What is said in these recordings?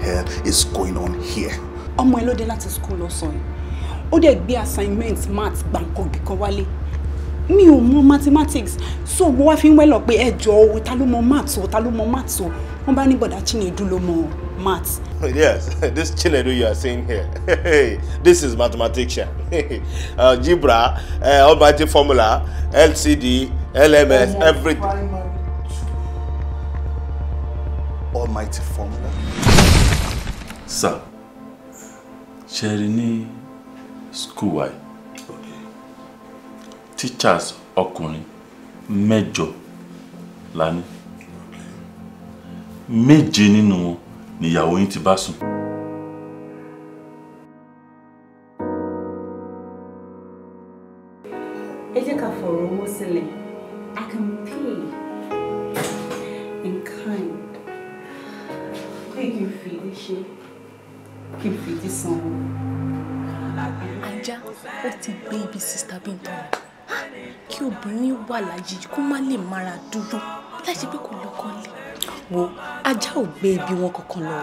hell is going on here. ọmọ ẹ ló dé láti school lọ́sàn-án yìí ó dẹ̀ gbé assignment math gbàǹkangbì kan wálé mi ò mọ mathematics so mo wá fi ń wẹ́lọ̀ pé ẹ jọ o ta ló mọ math o ta ló mọ math o wọ́n bá ní bọ̀dá Chinedu ló mọ math. yes this Chinedu you are seeing here this is mathematician algebra uh, uh, almighty formula LCD LMS everything. almighty formula sir ṣe rí ní school teachers ọkùnrin mẹ́jọ lani ní méje nínú wọn níyàwó yín ti bá sùn. ẹ fọ̀rọ̀ owó sílẹ̀. kí n fi ti sanwó. ajá ó ti gbé ibi sista Bíntàn kí obìnrin wà láyé kó má lè mara dúró láti pé kò lọ́kọ lé. wo ajá ò gbé ibi wọn kankan lọ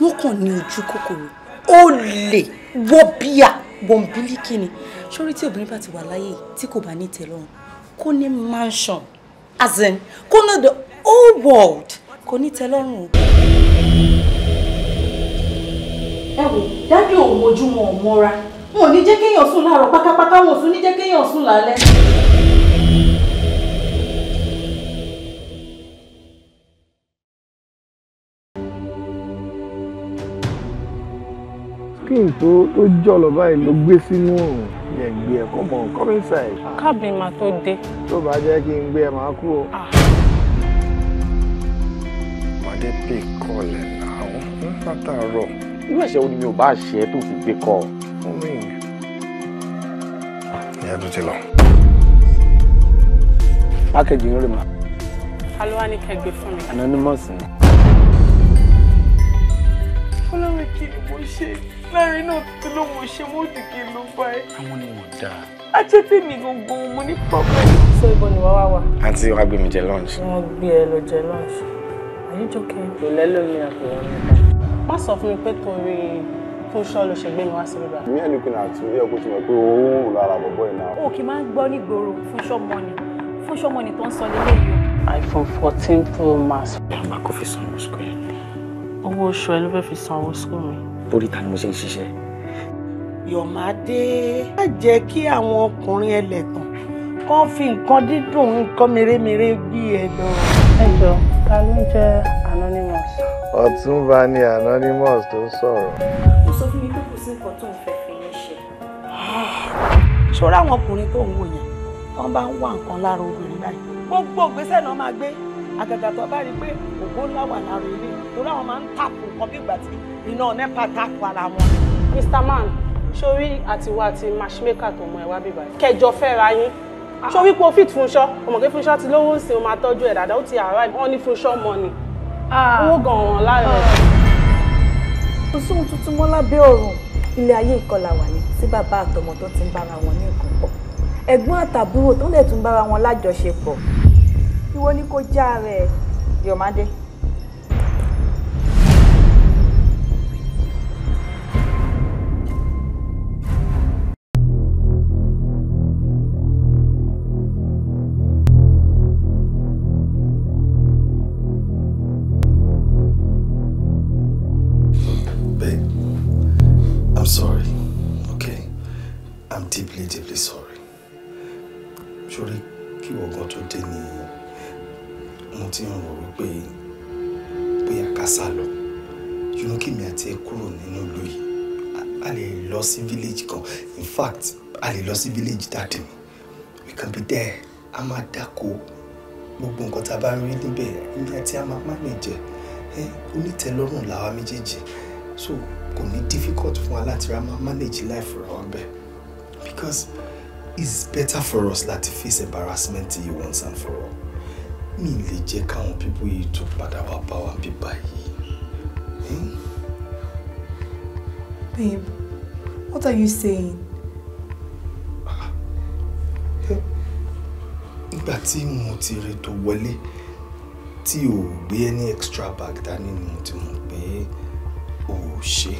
wọn kàn ní ojú kòkòrò ó lè wọ bíà wọn bílíkì ni sórí tí obìnrin bá ti wà láyé tí kò bá ní ìtẹ́lọ́rùn kó ní mansion as in kó ná the whole world kò ní ìtẹ́lọ́rùn o. ẹ wò dájú òun ojú wọn ò ní jẹ́ kéèyàn sùn láàárọ̀ pátápátá wọn ò ní jẹ́ kéèyàn sùn lálẹ́. skin tó tó jọlọ báyìí ló gbé sínú òrùn yẹn gbé ẹ káàbì máa tó dé. tó bá jẹ́ kí n gbé ẹ e, máa kú o. Ah. pàdé pé kọlẹ̀ ń irú ẹ̀ṣẹ̀ wo ni mi ò bá ṣe é tó fi gbé kọ́ fún mi. ìyá tó ti lọ. pákẹ́jì ń rè mà. alúwa ni kẹgbẹ fún mi. anonymous ni. fọlọ́wé kí ni mo ṣe láàrin náà tó ló mo ṣe mo ti kí ló bá ẹ. àwọn ni mo dà. ajẹ́tẹ̀ mi gbogbo mo ní pọ́pẹ́. ṣé ibo ni wàá wà wà. àǹtí wàá gbé mi jẹ lunch. wọ́n gbé ẹ lọ jẹ lunch. àyíjọ kẹ́ ẹ̀. kò lẹ́lòmí àpò wọn má sọ fún mi pé torí Fúnṣọ́ ló ṣe gbé mi wá sí ibà. mi ẹ̀ ní kí n àti ilé ẹ̀kọ́ ti mọ̀ pé òun lára bọ̀bọ̀ yìí náà. o kì í máa ń gbọ́ nígboro Fúnṣọ́ mọ́ni Fúnṣọ́ mọ́ni tó ń sọ nílé yìí. iPhone fourteen pro max. àgbà kò fi san owó sukùl yẹn. owó oṣù ẹ ló fẹ́ fi san owó sukùl mi. torí ta ni mo ṣe ń ṣiṣẹ́. Yọ̀mádé má jẹ́ kí àwọn ọkùnrin ẹlẹ́tàn kọ́ fi nǹkan dídùn nǹkan mèremère bí ẹ lọ. ẹ jọ ta ló ń jẹ anonymous ọ̀túnba ni anonymous tó sọ̀rọ̀. ó sọ fún mi pé kò sí nǹkan tó ń fẹ́ fi yín ṣe. ṣọ́ra àwọn ọkùnrin tó ń wò yẹn wọ́n bá ń wá nǹkan lára obìnrin báyìí gbogbo ògbésẹ̀ náà máa gbé àgàgà tó bá rí i pé ògbó ńlá wà lára ilé torí àwọn máa ń tàpù nǹkan bí ìgbà tí iná nepa tàpù ara wọn. Mr. Man sórí àtiwá àti matchmaker tó mọ ẹ wá bíbá yìí kẹjọ fẹ́ ra yín sórí pé o fit Fúnṣọ́ ọmọkẹ́ Fúnṣọ́ ti lówó ń sin o máa tọ́jú ẹ̀ dáadáa ó ti àárá ẹ̀ wọ́n ní Fúnṣọ́ mọ́ ni owó ah. gan-an lára ah. ẹ̀. kò sóhun tuntun mọ́ lábẹ́ ọ̀run ilé ayé ìkọlà wà ní tí bàbá àtọmọ tó ti ń bára wọn ní nǹkan pọ̀ ẹ̀gbọ́n àtàbúrò tó lè tún bára wọn lájọṣepọ̀ ìwọ ni kò já rẹ̀ Yọ̀mádé. dáàdì we can be there a máa dáko gbogbo nǹkan tá a bá rí níbẹ̀ ilé àti a máa máa jẹ ẹ onítẹ̀lọ́rùn làwa méjèèjì so kò ní difficult fún wa láti ra máa manage life ra wa bẹ́ẹ̀ because it's better for us láti face embarrassment yìí once and for all mi lè jẹ́ káwọn pípọ̀ yìí tún padà wá bá wa bí báyìí. Hmm? Babe, what are you saying? nígbà tí mo ti rí tó wọlé tí o gbé any extra bag dání ni mo ti mọ̀ pé o ṣe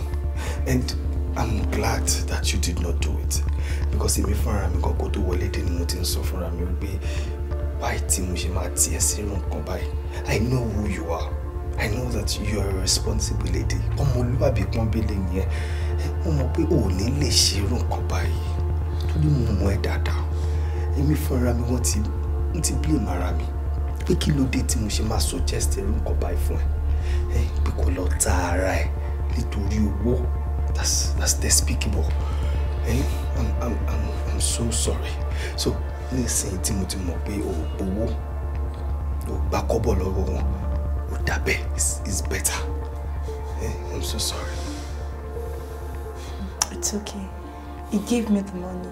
and i'm glad that you did not do it because èmi fúnra mi kan kó tó wọlé dé ni mo ti ń sọ fúnra mi wípé báyìí tí mo ṣe máa tiẹ̀ sí irun kan báyìí i know who you are i know that you are a responsible lady ọmọlúwàbí pọ́nbélé nìyẹn mo mọ̀ pé o ò ní lè ṣe irun kan báyìí torí mo mọ̀ ẹ́ dáadáa èmi fúnra mi wọ́n ti n ti blame ara mi pé kí ló dé tí mo ṣe máa suggest ẹrú nǹkan báyìí fún ẹ pé kò lọ ta ara ẹ nítorí owó that's that's despicable I'm, I'm, I'm, I'm so sorry so nísìnyí tí mo ti mọ̀ pé o ò gbowó o gbà kọ́bọ̀ lọ́wọ́ wọn o dàbẹ̀ it's, it's better I'm so sorry. It's okay. He gave me the money.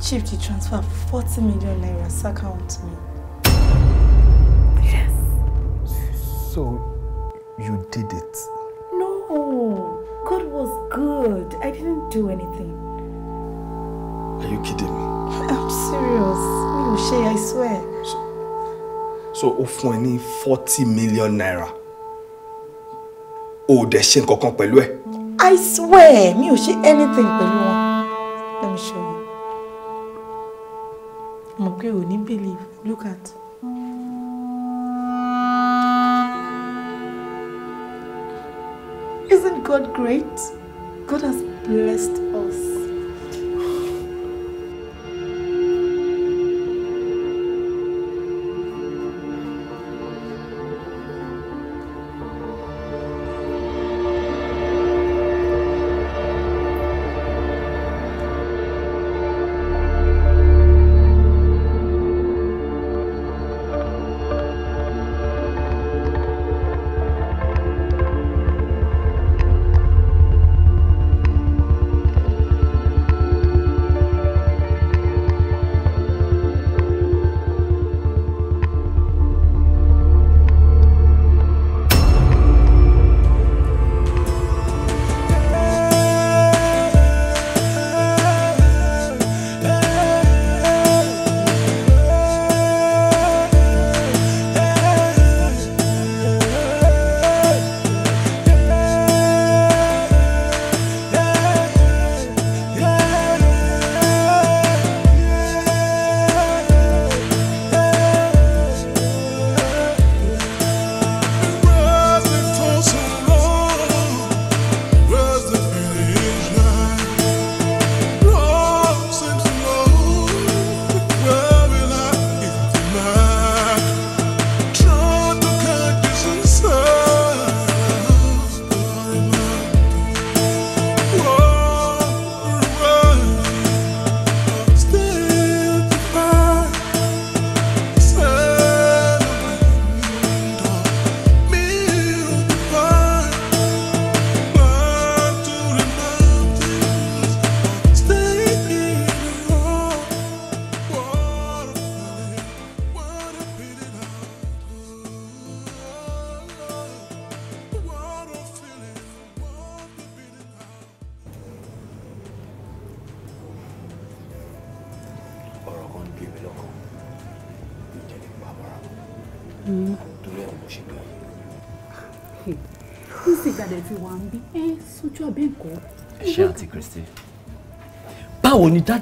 Chief ti transfer forty million naira Account to me. Yes. So you did it. No, God was good. I didn't do anything. Are you kidding me? I'm serious. Me ò I swear. So, so o forty million naira Oh, ò dẹ̀ ṣe nǹkan I swear me ò anything pẹ̀lú mo we need ní believe look at. Isn't God great? God has blessed us.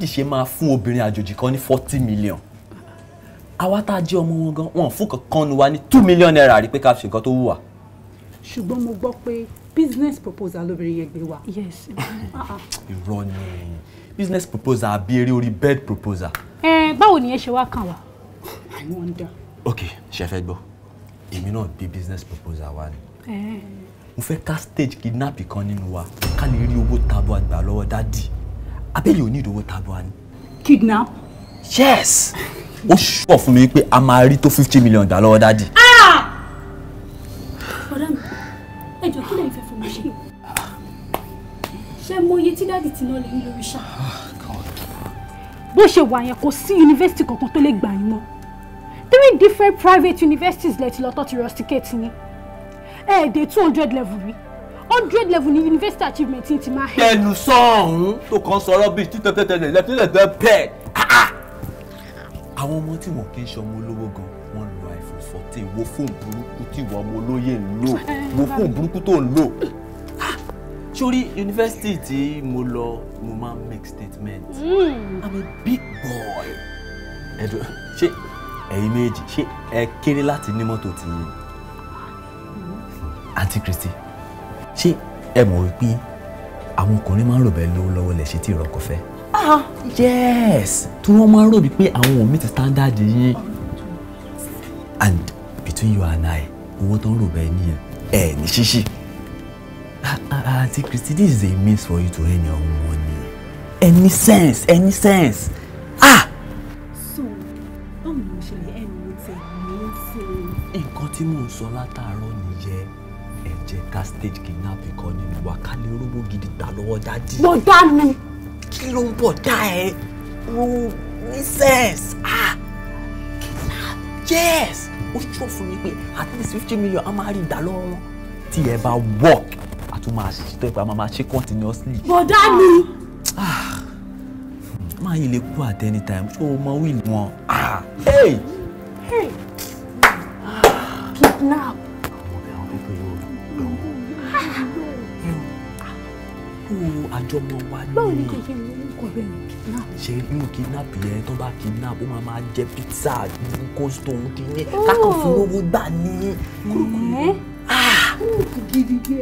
dádì ṣe máa fún obìnrin àjòjì kan ní forty million àwa tá a jẹ́ ọmọ wọn gan wọn fún kankan nu wa ní two million naira rí pé ká fi nǹkan tó wù wá. ṣùgbọ́n mo gbọ́ pé business proposal lóbìnrin yẹn gbé wá. yes. Ah, ah. irọ́ ni business proposal àbí eré orí bed proposal. ẹ báwo ni ẹ ṣe wá kàn wá. i wonder. ok ṣe fẹ́ gbọ́ èmi náà bí business proposal wa ni mo fẹ́ ká stage kidnap kan nínú wa ká lè rí owó tabo àgbà lọ́wọ́ dádì. I abẹ́yẹ̀ you need ìdòwò tabua ni. kidnap. yes ó ṣùpọ̀ fún mi pé a máa rí tó fifty million dá lọ́wọ́ dáàdì. ọ̀rẹ́ mi ẹ jọ kí lè fẹ́ fún mi ṣe ṣe mo iye tí dáàdì ti ná lè ń lórí ṣá. bó ṣe wà yẹn kò sí yunifásitì kankan tó lè gbà yín mọ́ three different private universities lẹ ti lọ tọ́ ti rusticate yín ẹ̀ẹ́dẹ̀ two hundred level rí hundred level university achievement ti máa hẹ́. ẹnu tó kàn sọ̀rọ̀ bíi títọ́ tẹ́tẹ́lẹ̀ lẹ́tẹ́lẹ̀ bẹ́ẹ̀ ah, ah. àwọn ọmọ tí wọn kì í ṣọmọ olówó gan wọn lo iphone fourteen wo fóònù burúkú tí ìwà ọmọ olóyè ń lò wo fóònù burúkú tó ń lò ah, sórí yunifásitì tí mo lọ mo máa make statement hmm. i'm a big boy ẹdùn ṣé ẹ̀yin méjì ṣé ẹ kéré láti ní mọ́tò tì yín àǹtí Kristi ṣé ẹ mọ̀ wípé àwọn ọkùnrin máa ń rò bẹ́ẹ̀ lówó lọ́wọ́ lẹ̀ ṣe tí ìrọ́kọ fẹ́. Ah, yes tí wọ́n máa ń rò wípé àwọn ò meet standard yín and between you and I owó tó ń rò bẹ́ẹ̀ nìyẹn ẹ ní ṣíṣí. àti Christy this is a means for you to earn your own money any sense any sense ah. so báwo ni mo ṣe lè ẹnu tẹ̀ mí sí nǹkan tí mò ń sọ látàárọ̀ ni jẹ́ ká stage kidnapping kan nínú wa ká lè rówó gidi ta lọ́wọ́ dájú. mo dá mi. kí ló ń bọ̀ dá ẹ ro ní sense ah kidnap yes ó ṣọ́ fún mi pé at least fifty million a máa rí ìdá lọ́wọ́ wọn. tí ẹ bá work a tún máa ṣe tó ipa máa ṣe continuously. mo dá mi. Ah! máa yìí lè kú at any time ṣé o mọ wíìlì wọn. Ah! Ah! kidnap. jọmọ wa ni. báwo ni kò ṣe lè mú kọ bẹ́ẹ̀ ni kidnap. ṣe irú kidnap yẹn tó bá kidnap ó máa máa jẹ pizza glucose tó ń kíni oh. kákan fún owó gbà ní. kúrúkúrú ah. ó kì í gidi bí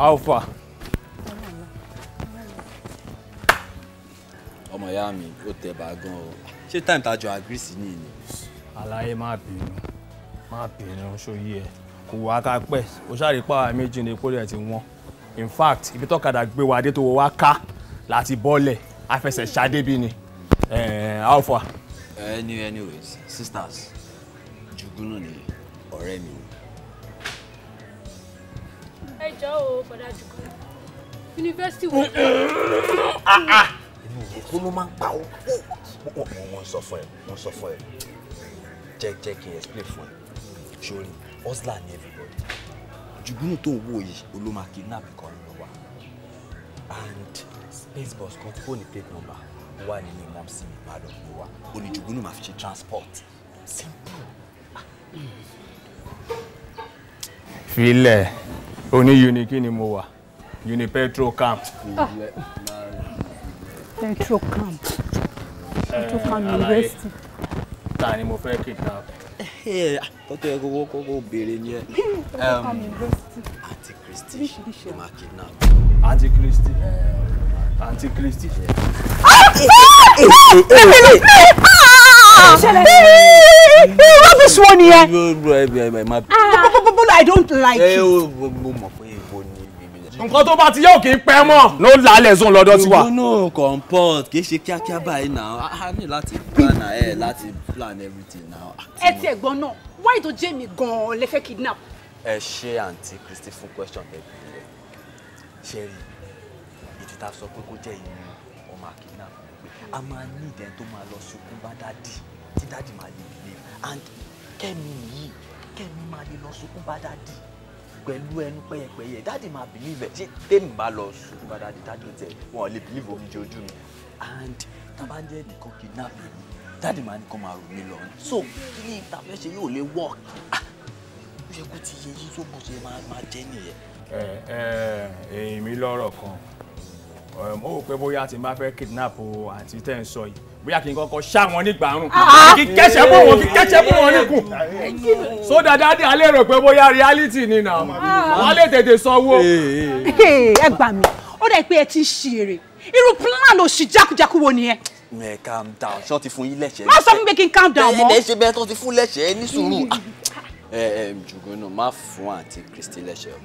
alpha. ọmọ ìyá mi ó tẹ bá gan o ṣé time tájọ àgírísì ní ìní. aláyé má bínú má bínú ṣòyí ẹ kò wá ká pẹ o ṣáà pa àwọn méjì ní kórè ẹ ti wọn in fact ibi tọ́kadà gbé wa dé tó wọ wá ká láti bọ́lẹ̀ afẹsẹ̀ ṣadé bí ni alpha. anyway anyways sisters jugunu ni ọ̀rẹ́ mi ni ẹjọ́ o bọ̀dá jùlọ yunifásitì wo. inú òkú ló máa ń pa ó wọ́n sọ fún ẹ wọ́n sọ fún ẹ jẹ́ jẹ́ kí n explain fún ẹ sórí hustler ni everybody jùgúnù tó wò yìí olóma kidnap kan nínú wa and space bus kan tó ní plate number wà nínú mọ́mísì mi bá lọ́ọ́ lọ́wọ́ oníjùgúnù máa fi ṣe transport simple. filẹ̀ oní uniki ni mo wà uni petrol camp. petrol camp petrol camp university. ta ni mo fẹ́ kidnap. tọ́tọ́ ẹ kókó kókó béèrè ni ẹ. antikristi ló máa kidnap. antikristi antikristi. ṣẹlẹ̀ ṣẹlẹ̀ rọ́bìṣì wo nìyẹn. I don't like eh, it. ẹ o mo mọ̀ pé ìbò ni nǹkan tó bá ti yẹ òkè pẹ́ mọ́ ló ń lálẹ́ zone lọ́dọ̀ tiwa. ìgbónú compound kì í ṣe kíákíá báyìí náà a ní láti plan ẹ láti plan everything now. ẹ ti ẹ̀gbọ́n náà wáyé tó jẹ́ mi gan-an lè fẹ́ kidnap. ẹ ṣe àǹtí Christy fún question ẹ bí ẹ ṣe rí ìdí tá a sọ pé kó jẹ́ ìyẹn ọmọ kidnap ni pé a máa ní ìdẹ́n tó máa lọ sunkún bá dádì tí dádì máa lè believe and kẹ́mi yìí kẹ́mi máa lè lọ sunkún bá dáàdì pẹ̀lú ẹnu pẹ́yẹpẹ́yẹ dáàdì máa bìlíìfẹ̀ tí tèmi bá lọ sunkún bá dáàdì dáàdì tẹ wọn lè bìlíìfẹ̀ omi jẹ ojú mi and tàbá jẹ́ nìkan kidnap mi dáàdì máa nìkan máa rò mí lọ so kí ni ìtàfẹ́ ṣe yóò lè work ah ó yẹ kó ti yẹ yí tó bó ṣe máa jẹ́ nìyẹn. ẹ ẹ èmi lọ́rọ̀ kan mo rò pé bóyá tí n bá fẹ́ kidnap o àǹtí tẹ́ ń sọ yìí bóyá kí n kọ́kọ́ ṣá wọn ní gbàrún ah, ah. kí kẹ́sẹ̀ bò wọ́n kí kẹ́sẹ̀ bò wọ́n níkùn so dada dé alẹ́ rò pé bóyá reality ni nà wọ́n ah, lè tètè sanwó. ẹ gbà mí ó dẹ̀ pé ẹ ti ń ṣeré irú plan òṣì jákujáku wo nìyẹn. ẹ calm down ṣé wọ́n ti fún yín lẹ́sẹ̀. má sọ fún mi kí n calm down mọ́. bẹ́ẹ̀ ṣe bẹ́ẹ̀ tó ti fún lẹ́sẹ̀ ní sùúrù. Hmm. ẹ ẹ jùgbọ́n náà má fún àǹtí Kristi lẹ́sẹ̀ o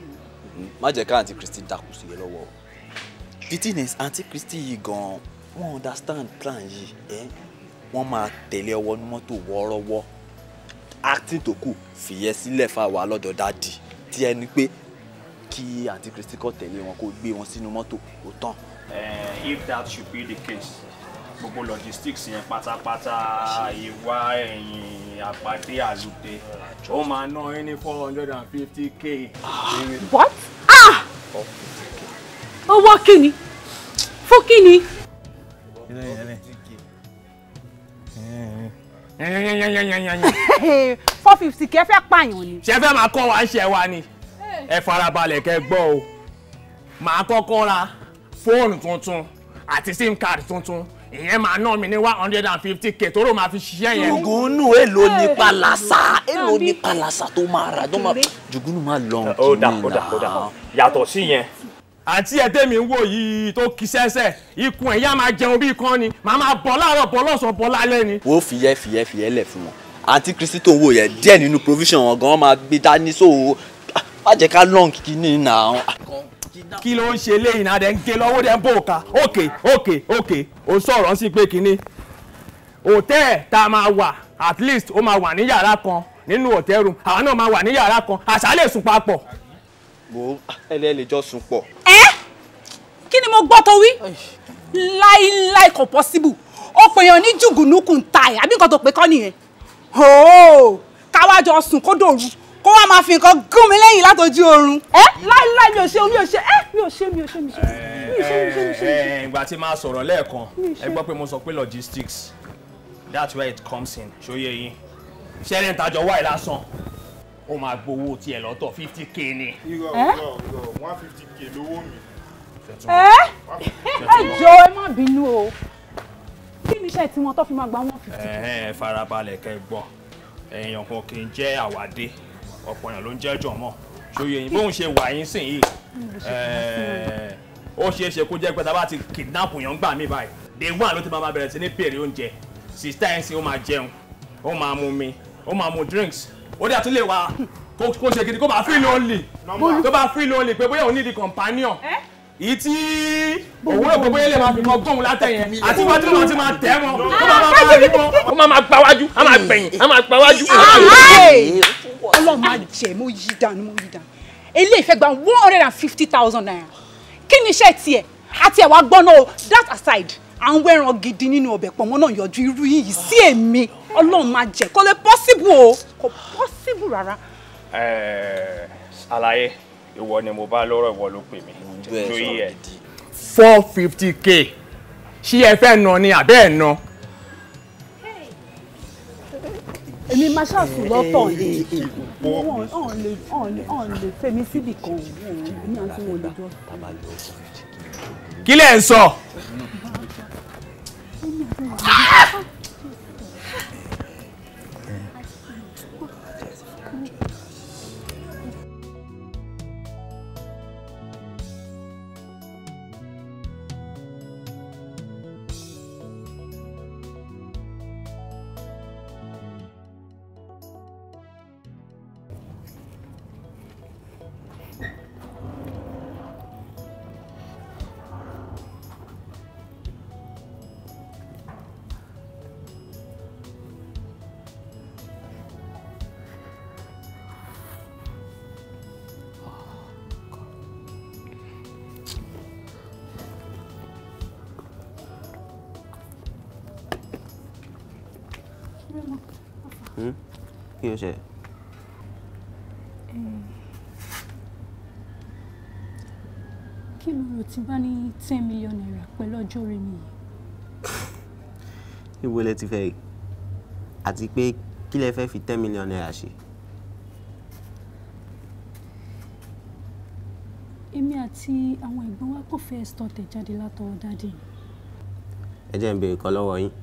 hmm. má jẹ́ ká àǹtí Kristi dákú sí i lọ́wọ́ the thing is àǹtí Kristi yìí gan wọ́n understand plan yìí ẹ́ wọ́n máa tẹ̀lé ọwọ́ ní mọ́tò wọ́ọ́rọ́wọ́ acting tó kù fìyẹ́ sílẹ̀ fà wá lọ́dọ̀ dáàdì tí ẹni pé kí àǹtí kristi kọ́ tẹ̀lé wọn kó gbé wọn sínú mọ́tò ó tán. Eh, if that should be the case gbogbo logistics yẹn pátápátá ìwà ẹ̀yìn àpàdé àlùdé ó máa ná ẹni four hundred and fifty k. what? ah! owó kí ni fún kí ni four fifty kẹ́ fẹ́ pààyàn ni. ṣé fẹ́ máa kọ́ wa ṣe wa ni eh. ẹ farabalẹ̀ kẹ́ gbọ́ o màá kọ́kọ́ ra fóònù tuntun àti sim card tuntun ìyẹn máa ná mi ní one hundred and fifty k tó ló máa fi ṣiṣẹ́ yẹn. jùgúnù èlò ní palasa èlò ní palasa tó máa rà jùgúnù máa lọ. ó dà ó yàtọ̀ sí yẹn àti ẹ̀tẹ́mi ń wò yìí tó kí sẹ́sẹ̀ ikùn ẹ̀yà máa jẹun bí kan ni màá máa bọ̀ láàárọ̀ bọ̀ lọ́sàn bọ̀ lálẹ́ ni. wo fìyẹ́ fìyẹ́ fìyẹ́ lẹ̀ fún wọn àǹtí kristi tó ń wò yẹn díẹ̀ nínú provision wọn gan máa gbé dání sóò ah, má jẹ́ ká long kíní nà. kí ló ń ṣe léyìn náà dẹ̀ ń gé lọ́wọ́ dẹ̀ ń bò ká òkè òkè òkè ó sọ̀rọ̀ sí pé kíní hòtẹ́ẹ̀ tá a máa wà at least ó máa wà ní yàrá kan nínú hòtẹ́ẹ̀ room àwọn náà máa wà ní yàrá kan àṣà lè sùn papọ̀ wo ẹlẹ́ lè jọ sùn pọ̀. ẹ kí ni mo gbọ́ tó wí láíláí kò possible ó pèèyàn ní jùgùnúkùn ta ẹ̀ àbí nǹkan tó pé kọ́ nìyẹn ooo káwájọ sùn kó dòru kó wá máa fi nǹkan gún mi lẹ́yìn látọjú oorun ẹ láíláí mi ò ṣe mi ò ṣe ẹ mi ò ṣe mi ò ṣe mi ò ṣe. ìgbà tí máa sọ̀rọ̀ lẹ́ẹ̀kan ẹ gbọ́ pé mo sọ pé logistics that's where it comes in ṣó yín ṣẹ́ni ìtajọ́ wáyé lásán ó máa gbowó tiẹ̀ lọ́tọ̀ fifty k ni. irọ́ irọ́ irọ́ one fifty k lówó mi. ẹ ẹ jọ ẹ má bínú o kí ni iṣẹ́ tiwọn tó fi máa gba one fifty k. ẹ ẹ farabalẹ̀ kẹ́ gbọ́ èèyàn kan kì í jẹ́ àwàdé ọ̀pọ̀ èèyàn ló ń jẹ́ jọ̀mọ́ ṣòye yìí bóun ṣe wà yín sìn yìí ó ṣeé ṣe kó jẹ́ pé tá a bá ti kidnap èèyàn gbà mí báyìí day one ló ti máa bẹ̀rẹ̀ sí ní bèrè oúnjẹ sista ẹ̀ ó máa jẹun ó máa mu mi ó máa mu drinks ó dẹ̀ tún lè wá ṣe gidi kó bá feel lonely tó bá feel lonely pé bóyá òun ní di companion èyí tí òwúrọ̀ gbogbo yẹn lè máa fi mọ gbóhùn látẹ̀yìn àti wájú ló máa ti máa tẹ̀ mọ́ kó máa máa bá rí mọ́ kó máa máa gba wájú á máa hmm. gbẹ̀yìn á máa gba wájú. ọlọ́run máa jẹ́ mo yí dànù mo yí dànù eléyìí fẹ́ gba one hundred and fifty thousand naira kí ni iṣẹ́ tiẹ̀ àti ẹ̀wà gbọ́n náà that aside à ń wẹ́ran gidi nínú ọbẹ̀ pọ̀ mọ́ náà yọjú irú yìí sí èmi ọlọ́run máa jẹ́ kò lè possible o kò possible rárá. ẹẹ àlàyé ìwọ ni mo bá lọ́rọ̀ ìwọ ló pè mí lóyè ẹ. four fifty k ṣí ẹ fẹ́ nà ni àbẹ́ ẹ̀ nà. èmi máa ṣàṣù lọ́tọ̀ ni ọ̀n lè fẹ́mi síbì kan èmi àti wọn lè jọ. kí lẹ̀ ń sọ. Ah! ṣe. kí ló rò tí bá ní ten million naira pẹ̀lú ọjọ́ orí mi yìí. níbo lẹ ti fẹ́ yìí àti pé kí lẹ fẹ́ fi ten million naira ṣe. èmi àti àwọn ẹ̀gbọ́n wa kò fẹ́ stọ̀tẹ̀ jáde látọwọ́ dáadé. ẹ jẹ́ n béèrè kan lọ́wọ́ yín.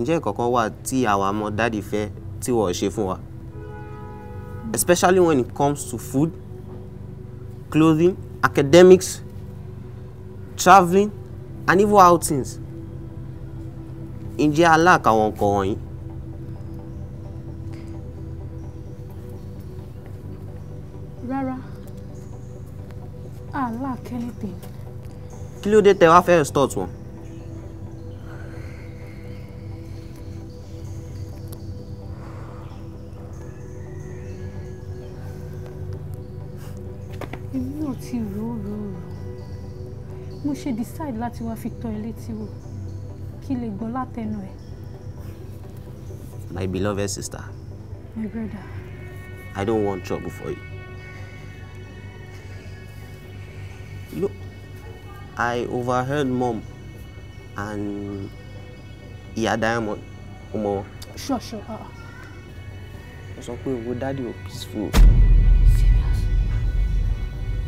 ǹjẹ́ ìkọ̀kan wà tí àwa ọmọ dáàdì fẹ́ tí wọ́n ṣe fún wa especially when it comes to food clothing academics traveling and even outings ǹjẹ́ aláàkàwọn nǹkan wọ̀nyí. rárá i lack anything. kí ló dé tẹ wá fẹ́ start wọn. ti rò mo ṣe decide láti wá fi tọ́ ẹ létí wò kí lè gbọ́ látẹnu ẹ. My beloved sister. My brother. I don't want trouble for you. Look, I overheard mom and Iya Diamond ọmọ. Sure, sure. Uh-uh. Wọ́n sọ pé owó daddy, ò peaceful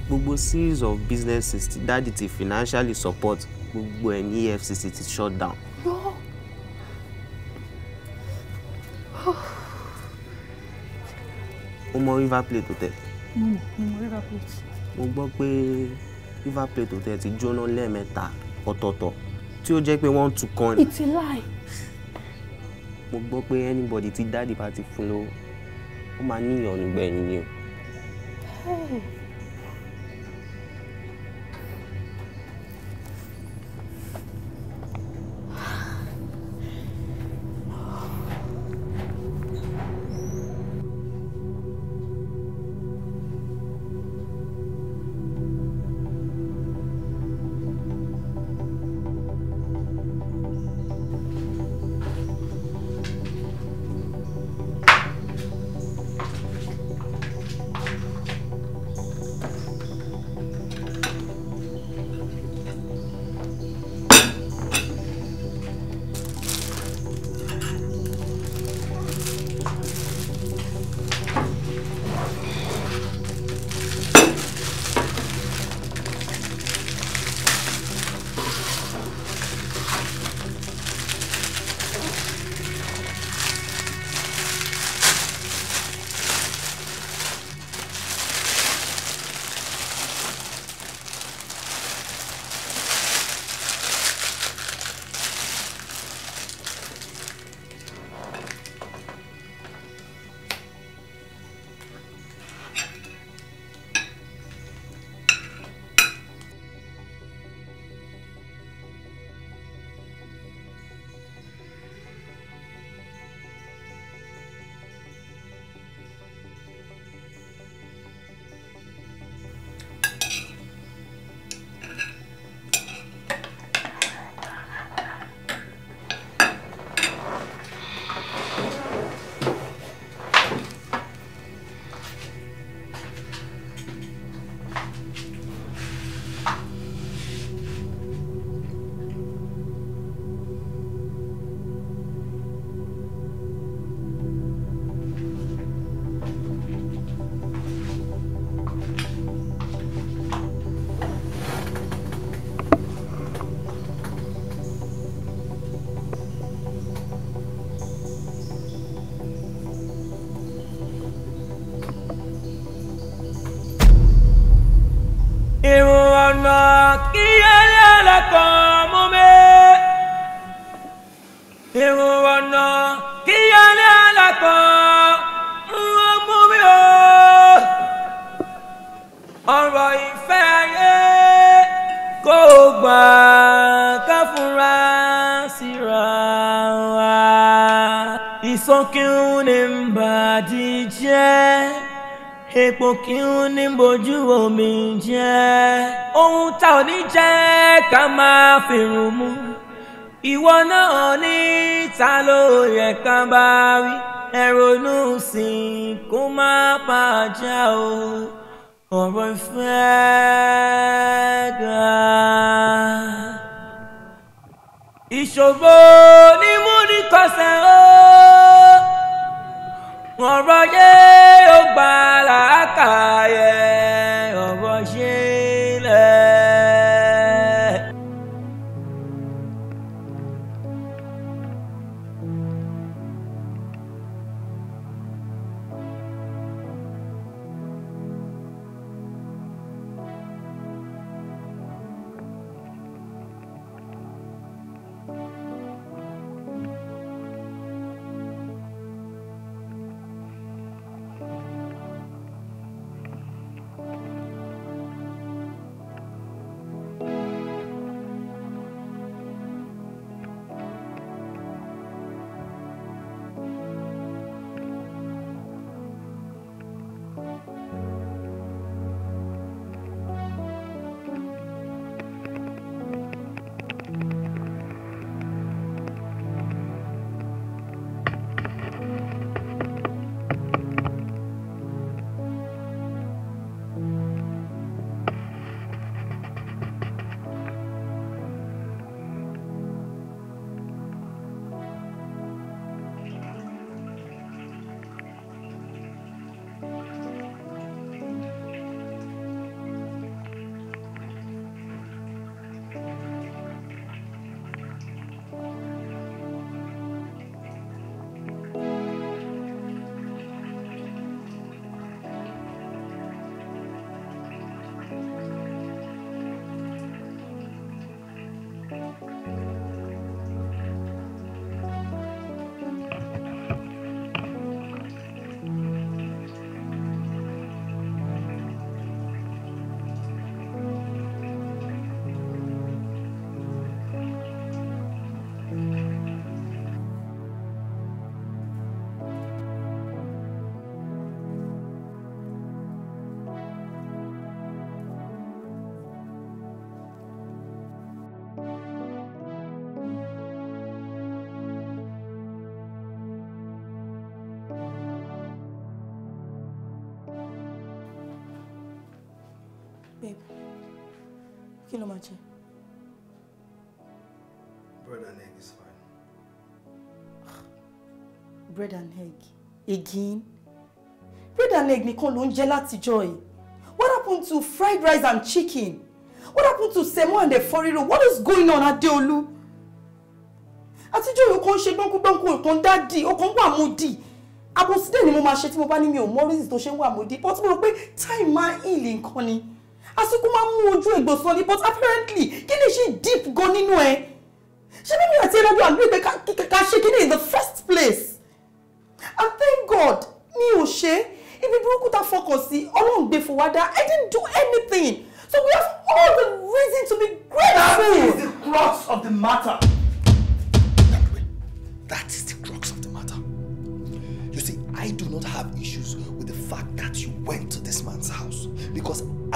gbogbo series of businesses ti dáàdì ti financially support gbogbo ẹ̀ ní EFCC ti shut down. No. o mọ River Plate hotel. mo mọ mo mọ River Plate. mo gbọ́ pé River Plate hotel ti jóná lẹ́ẹ̀mẹ́ta ọ̀tọ̀ọ̀tọ̀ tí ó jẹ́ pé wọ́n ń tu kan it's a lie. mo gbọ́ pé anybody tí dáàdì bá ti fún lówó ó máa níyàn nígbẹ̀yìn ni o. Hey. kí n ní bàdí jẹ́ epo kí n ní bojú omi jẹ́ ohun tá ò ní jẹ́ ká máa fìrùn mú ìwọ náà ní ta ló yẹ ká bá wí ẹ̀rọ̀nù sí kó má bàjẹ́ o ọ̀rọ̀ ìfẹ́ dáa ìṣòro ni mo ní kọsẹ̀ o ọ̀rọ̀ yé ó gbà láàkàyè. kí ló máa bread and egg is fine. bread and egg again bread and egg ni ló ń jẹ látijọ́ yìí what happened to fried rice and chicken what happened to semo and the eforiro what is going on at Deolu? yìí ó kàn kon ṣe gbọ́ngbọ́ngbọ́ngbọ́ ó kàn ń dá dì ó kàn ń wà mú ni mo máa ṣe tí mo bá ní mi ò mọ reason tó ṣe ń wà but mo rò time máa ń ìlì ni asukun máa ń mú ojú ègbò ni but apparently kí ṣe deep gan nínú ẹ ṣé mímí àti ẹlẹ́dùn àgbẹ̀ pé ká ṣe kí in the first place and thank God mi ò ṣe ibi burúkú ta fọkàn sí ọlọ́run gbé fún wa dá I didn't do anything so we have all the reason to be grateful. That is the crux of the matter. That is the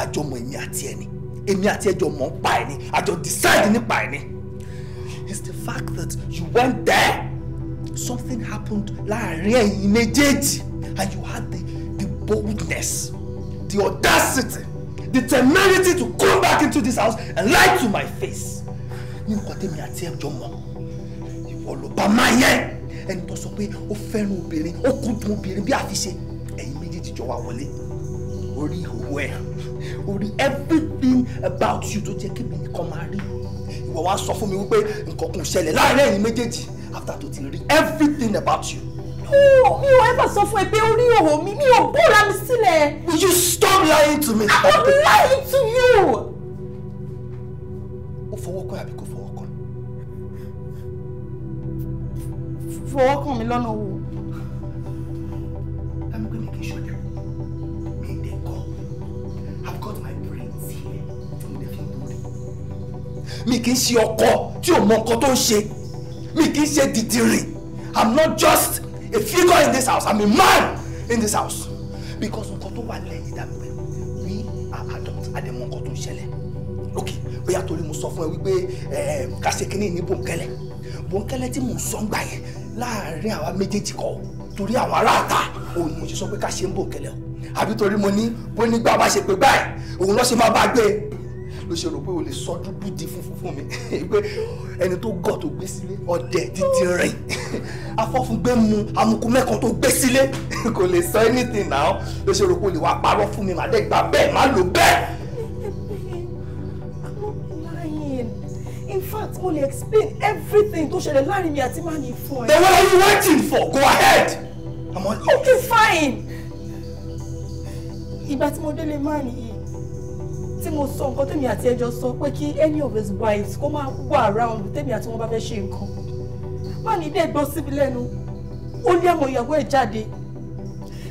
àjọmọ̀ èmi àti ẹni èmi àti ẹjọ mọ̀ ń pa ẹ̀ ni àjọ decide nípa ẹ̀ ni it's the fact that you went there something happened láàrin ẹ̀yin méjèèjì and you had the the boldness the audacity the temerity to come back into this house and lie to my face ní nǹkan tẹ́mi àti ẹjọ mọ̀ ìwọ ló bá máa yẹn ẹni tó sọ pé ó fẹ́ràn obìnrin ó kúndùn obìnrin bí àfiṣe ẹ̀yin méjèèjì jọ wà wọlé orí ìhòòhò ẹ̀ everything about you to tó jẹ́ kébì marry you. rí ìwọ wá sọ fún mi wípé nǹkan kan ṣẹlẹ̀ láàárín ẹ̀yin immediately after to ti rí everything about you. No, mi ò ever sọ fún ẹ pé orí Me, mi mi ò bóra mi Will you stop lying to me? I'm not lying to you. For what? kàn àbí kò fọwọ́ For Fọwọ́ kàn mi lọ́nà wo? mi kì í ṣe ọkọ tí ò mọ nǹkan tó ń ṣe mi kì í ṣe dìdìrì i'm not just a figure in this house i'm a man in this house because nǹkan tó wà lẹ́yìn dàbí pé we are adults àdèmọ̀ nǹkan tó ń ṣẹlẹ̀ ok bóyá torí mo sọ fún ẹ wípé eh, ká ṣe kínní ní bòńkẹ́lẹ́ bòńkẹ́lẹ́ tí mò ń sọ ń gbà yẹn láàárín àwa méjèèjì kọ́ torí àwọn aráàta òun ni mo ṣe sọ pé ká ṣe ń bòńkẹ́lẹ́ o àbí torí mo ní bó nígbà bá ṣe pé báyìí òun lọ́ ṣe máa bá gbé ló ṣe rò pé o lè sọdú búdi funfun fún mi pé ẹni tó gọ̀ tó gbé sílé ọ̀dẹ̀ títí rìn afọ́fúngbé mu amukú mẹ́kan tó gbé sílé kò lè sọ anything now ló ṣe rò pé o lè wá parọ́ fún mi màdé gbà bẹ́ẹ̀ má lò bẹ́ẹ̀. mo lè explain everything tó ṣẹlẹ̀ láàrin mi àti Mani fún ẹ. Then what you waiting for? Go ahead! I'm Okay, fine. Ìgbà tí mo délé Mani yìí tí mo sọ nǹkan tèmi àti ẹjọ́ sọ pé kí any of his wives kó máa wà around tèmi àti wọn bá fẹ́ ṣe nǹkan má ní dé gbọ́ síbi lẹ́nu ó lé àwọn ìyàwó ẹ̀ jáde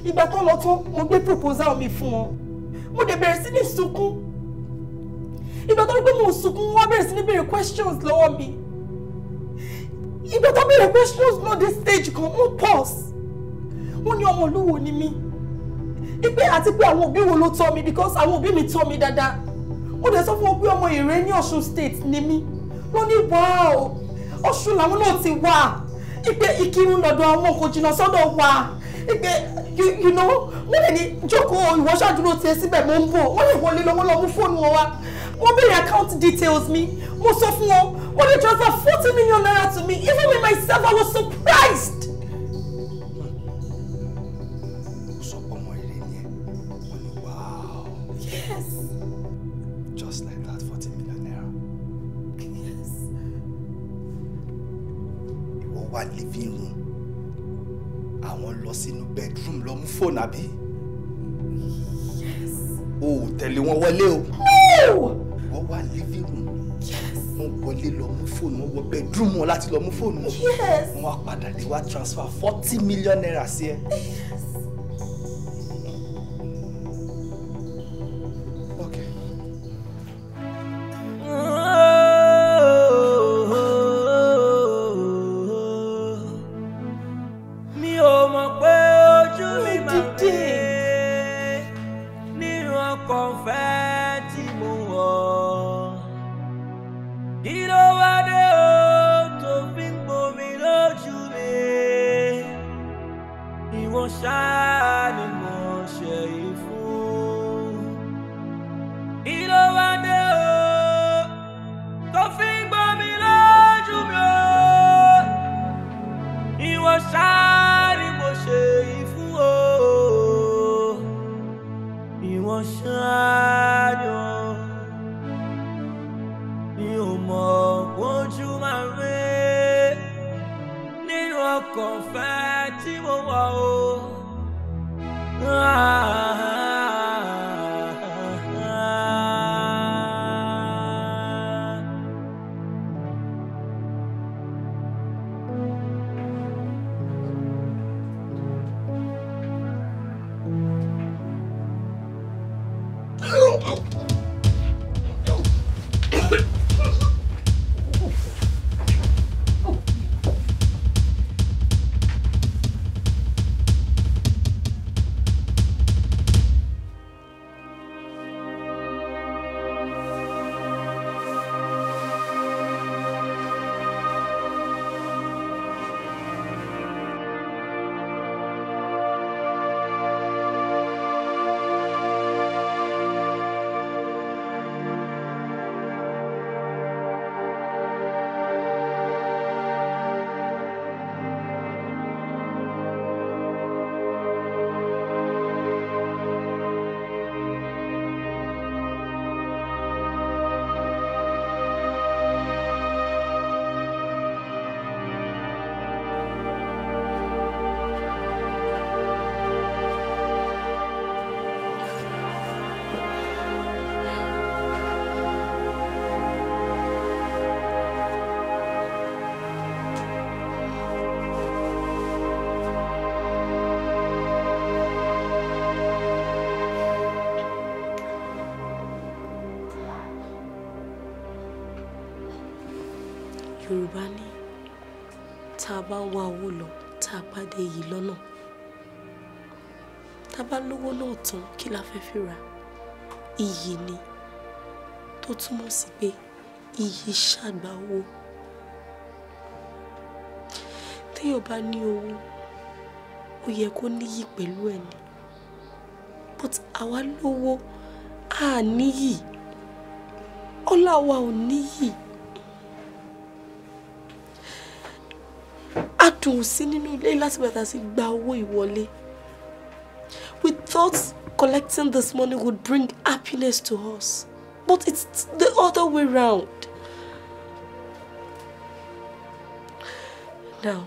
ìgbà tó lọ tán mo gbé proposal mi fún wọn mo dẹ̀ bẹ̀rẹ̀ sí ní sunkún ìgbà tó rí pé mo sunkún wọn bẹ̀rẹ̀ sí ní béèrè questions lọ́wọ́ mi ìgbà tó béèrè questions náà dé stage kan mo pause wọn ní ọmọlúwo ni mí ipe àti pé àwọn òbí wo ló tọ́ mi because àwọn òbí mi tọ́ mi dáadáa mo dẹ̀ sọ fún wọn pé ọmọ Ìrè ní Ọ̀ṣun state ni mí wọ́n ní wáò Ọ̀ṣun làwọn náà ti wà ipe Ìkìrun lọ́dọ̀ àwọn kò jìnnà sọ́dọ̀ wa ipe you you know wọ́n lè ní jókòó ìwọ ṣàdúró tiẹ̀ síbẹ̀ mo ń bọ̀ wọ́n lè wọlé lọ́wọ́ lọ́mú fóònù wọn wá wọ́n béèrè account details mi mo sọ fún wọn wọ́n lè transfer forty million naira to me even me myself I was surprised. wà living room àwọn lọ sínú bedroom lọ mú fóònù àbí. yes. o ò tẹ̀lé wọn wọlé o. wọ́n wà living room. yes. wọ́n wọlé lọ mú fóònù wọn wọ bedroom wọn láti lọ mú fóònù wọn. yes. wọ́n á padà lè wá transfer forty million naira sí ẹ. yes. bá wá owó lọ tá a pàdé yìí lọ́nà tá a bá lówó lóòótán kí la fẹ́ fi ra iyì ni tó túmọ̀ sí pé iyì ṣàgbà owó téèyàn bá ní owó ó yẹ kó níyì pẹ̀lú ẹ̀ ni but àwa lówó a níyì ọlá ò níyì. ṣòwò sí nínú ilé láti bàtà sí gba owó ìwọlé we thought collecting this money would bring happiness to us but it's the other way round now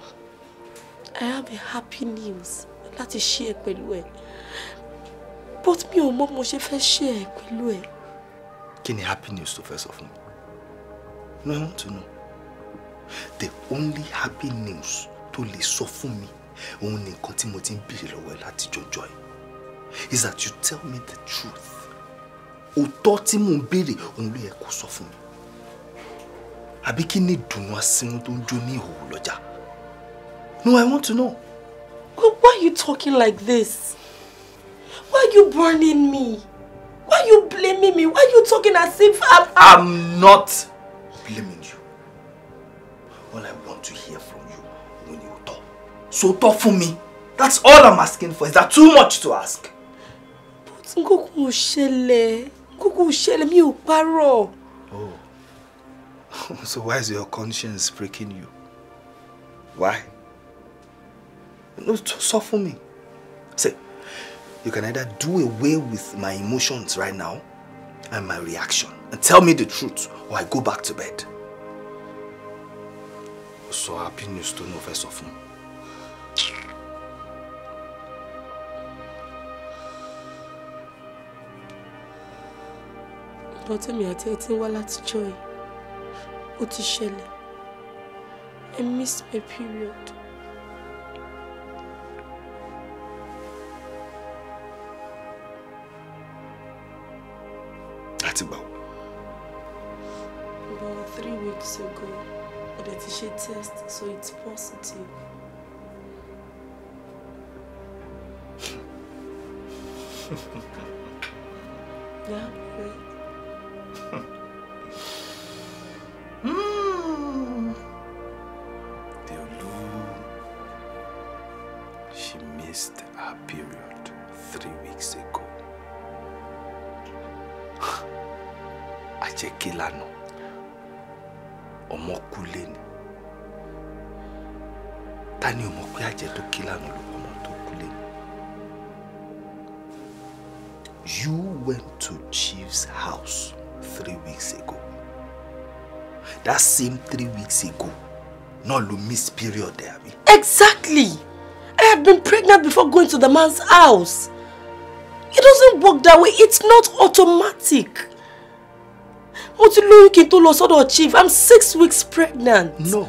I have a happy news láti share pẹ̀lú ẹ but mi ò mọ̀ mo ṣe fẹ́ share pẹ̀lú ẹ. kí ni happy news tó fẹ́ sọ fún mi no I want to know the only happy news tó lè sọ fún mi òun ni nǹkan tí mo ti ń béèrè lọ́wọ́ ẹ láti jọjọ́ ẹ is that you tell me the truth òótọ́ tí mò ń béèrè òun ló yẹ kó sọ fún mi àbí kí ni ìdùnnú asínú tó ń jó ní ìhòòhò lọ́jà no i want to know. why are you talking like this why are you burning me why are you blaming me why are you talking as if i'm. i'm not blaming you all i want to hear from sòótọ́ for me. that's all i'm asking for is that too much to ask. but nkókò ò ṣẹlẹ̀ nkókò ò ṣẹlẹ̀ mi ò oh so why is your conscience breaking you why no sọ fún me. say you can either do away with my emotions right now and my reaction and tell me the truth or i go back to bed. So happy news tó ní o of sọ nǹkan tèmi àti ẹ ti ń wá láti jọ yìí ó ti ṣẹlẹ̀ I miss my period. láti gbà wò. about three weeks ago ọ̀dẹ̀ ti ṣe test so it's positive. yeah, right. mm. Deolu, she missed her period three weeks ago. Ajẹ́kẹ́ lánàá, ọmọ kú lé ni. Ta ni ọmọ pé àjẹ́ tó kí lánàá ló weeks ago that same three weeks ago náà ló miss period ẹ àbí. exactly i had been pregnant before going to the man's house it doesn't work that way it's not automatic mo ti lóyún kí n tó lọ sọ́dọ̀ chief i'm six weeks pregnant. no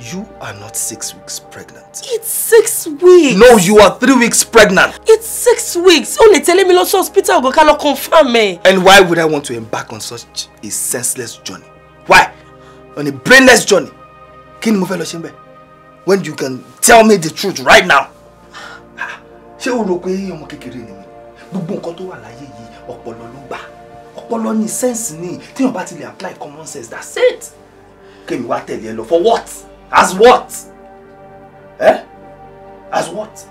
You are not six weeks pregnant. It's six weeks. No, you are three weeks pregnant. It's six weeks. Only lè me, mi lọ sí hospital gan ká confirm me. And why would I want to embark on such a senseless journey? Why? On a brainless journey? Kini ni mo fẹ́ lọ When you can tell me the truth right now. Ṣé o rò pé ọmọ kékeré ni mi? Gbogbo nǹkan tó wà láyé yìí ọpọlọ ló gbà. Ọpọlọ ni sense ni téèyàn bá ti lè apply common sense that's it. Kémi wá tẹ̀lé ẹ for what? As what? Eh? As what?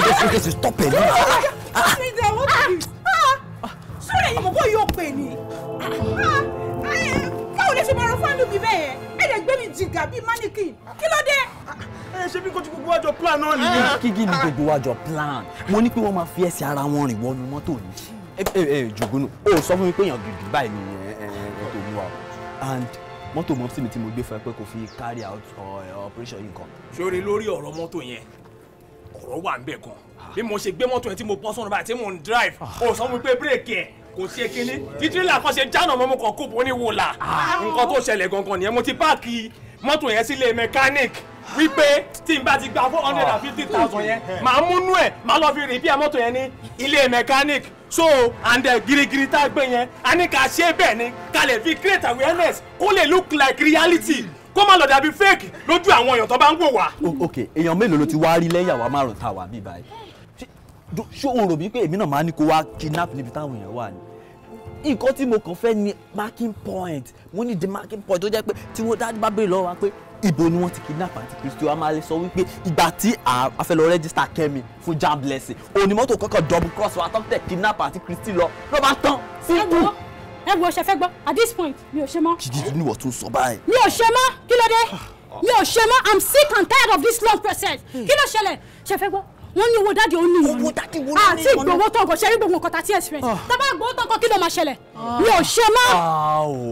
this is stop it. sọ́rọ̀ ẹ̀yìn mọ̀kọ́ yóò pè ní. báwo lè ṣe máa rán fáńdù mi bẹ́ẹ̀ ẹ̀ lè gbé mi jìgà bíi mannequin kí ló dé. ẹ eh, ṣe bí kò tí gbogbo wa jọ plan náà nìyẹn. Eh, kígi ni gbogbo wa jọ plan mo ní pé wọ́n máa fi ẹsẹ̀ ara wọn rìn wọnú mọ́tò ni. ẹ eh, ẹ jògúnù o sọ fún mi pé èèyàn gidi báyìí ni ètò olúwa and mọ́tò mọ́tò mi tí mo gbé fún ẹ pé kò fi carry out operation yìí kan. sórí lórí ọ̀rọ̀ mọ́tò yẹn ọ̀rọ̀ wà nbẹ̀ gan bí mo ṣe gbé mọ́tò yẹn tí mo bọ́ sọ́nà báyìí tí mo ń drive o ah. sọ wípé bírèkì ẹ̀ kò ṣe kínní tí tírélà kan ṣe jáànà mọ́ mo kàn kó bo ní wòlà ah. nǹkan tó ṣẹlẹ̀ gangan nìyẹn mo ti páàkì mọ́tò yẹn sílé mechanic wípé tí n bá ti gba four hundred and fifty thousand yẹn ah. màá múnú ẹ̀ màá lọ fi rìpíà mọ́tò yẹn ní ilé mechanic so and eh, girigiri tá a gbé yẹn a ní ká ṣe bẹ́ẹ̀ ni ká fi create awareness kó lè look like reality kó má lọ dàbí fake lójú àwọn èèyàn tó bá ń wò wá. ok èèyàn mélòó ló ti wá rí lẹ́yìn àwa márùn-ún wà bí báyìí ṣé o rò bí pé èmi náà máa ní kó wá kidnap níbi táwọn èèyàn wà ni nǹkan tí mo kàn fẹ́ ni marking point mo ní the marking point tó jẹ́ pé tí wọ́n dájú bá béèrè lọ́wọ́ wa pé ibo ni wọ́n ti kidnap àti kristu a máa lè sọ wípé ìgbà tí a fẹ́ lọ register kẹ́mi fún jam blessing onímọ́tò kọ́kọ́ double cross wa tó tẹ̀ kidnap àti kristu lọ ló tán sí ikú ẹ wo ṣe fẹ́ gbọ́ at this point mi ò ṣe mọ́. jìjì ni wọ́n tún sọ báyìí. mi ò ṣe mọ́ kí ló dé ah, ah. mi ò ṣe mọ́ i'm sick and tired of this long process hmm. kí ló ṣẹlẹ̀ ṣe fẹ́ gbọ́ wọ́n ní owó dáàdi òun nìyẹn owó dáàdi wo lórí àti ìgbowó tọkọ ṣe rí gbogbo nǹkan ah. tá a ti experience tábà gbowó tọkọ kí ló máa ṣẹlẹ̀ mi ò ṣe mọ́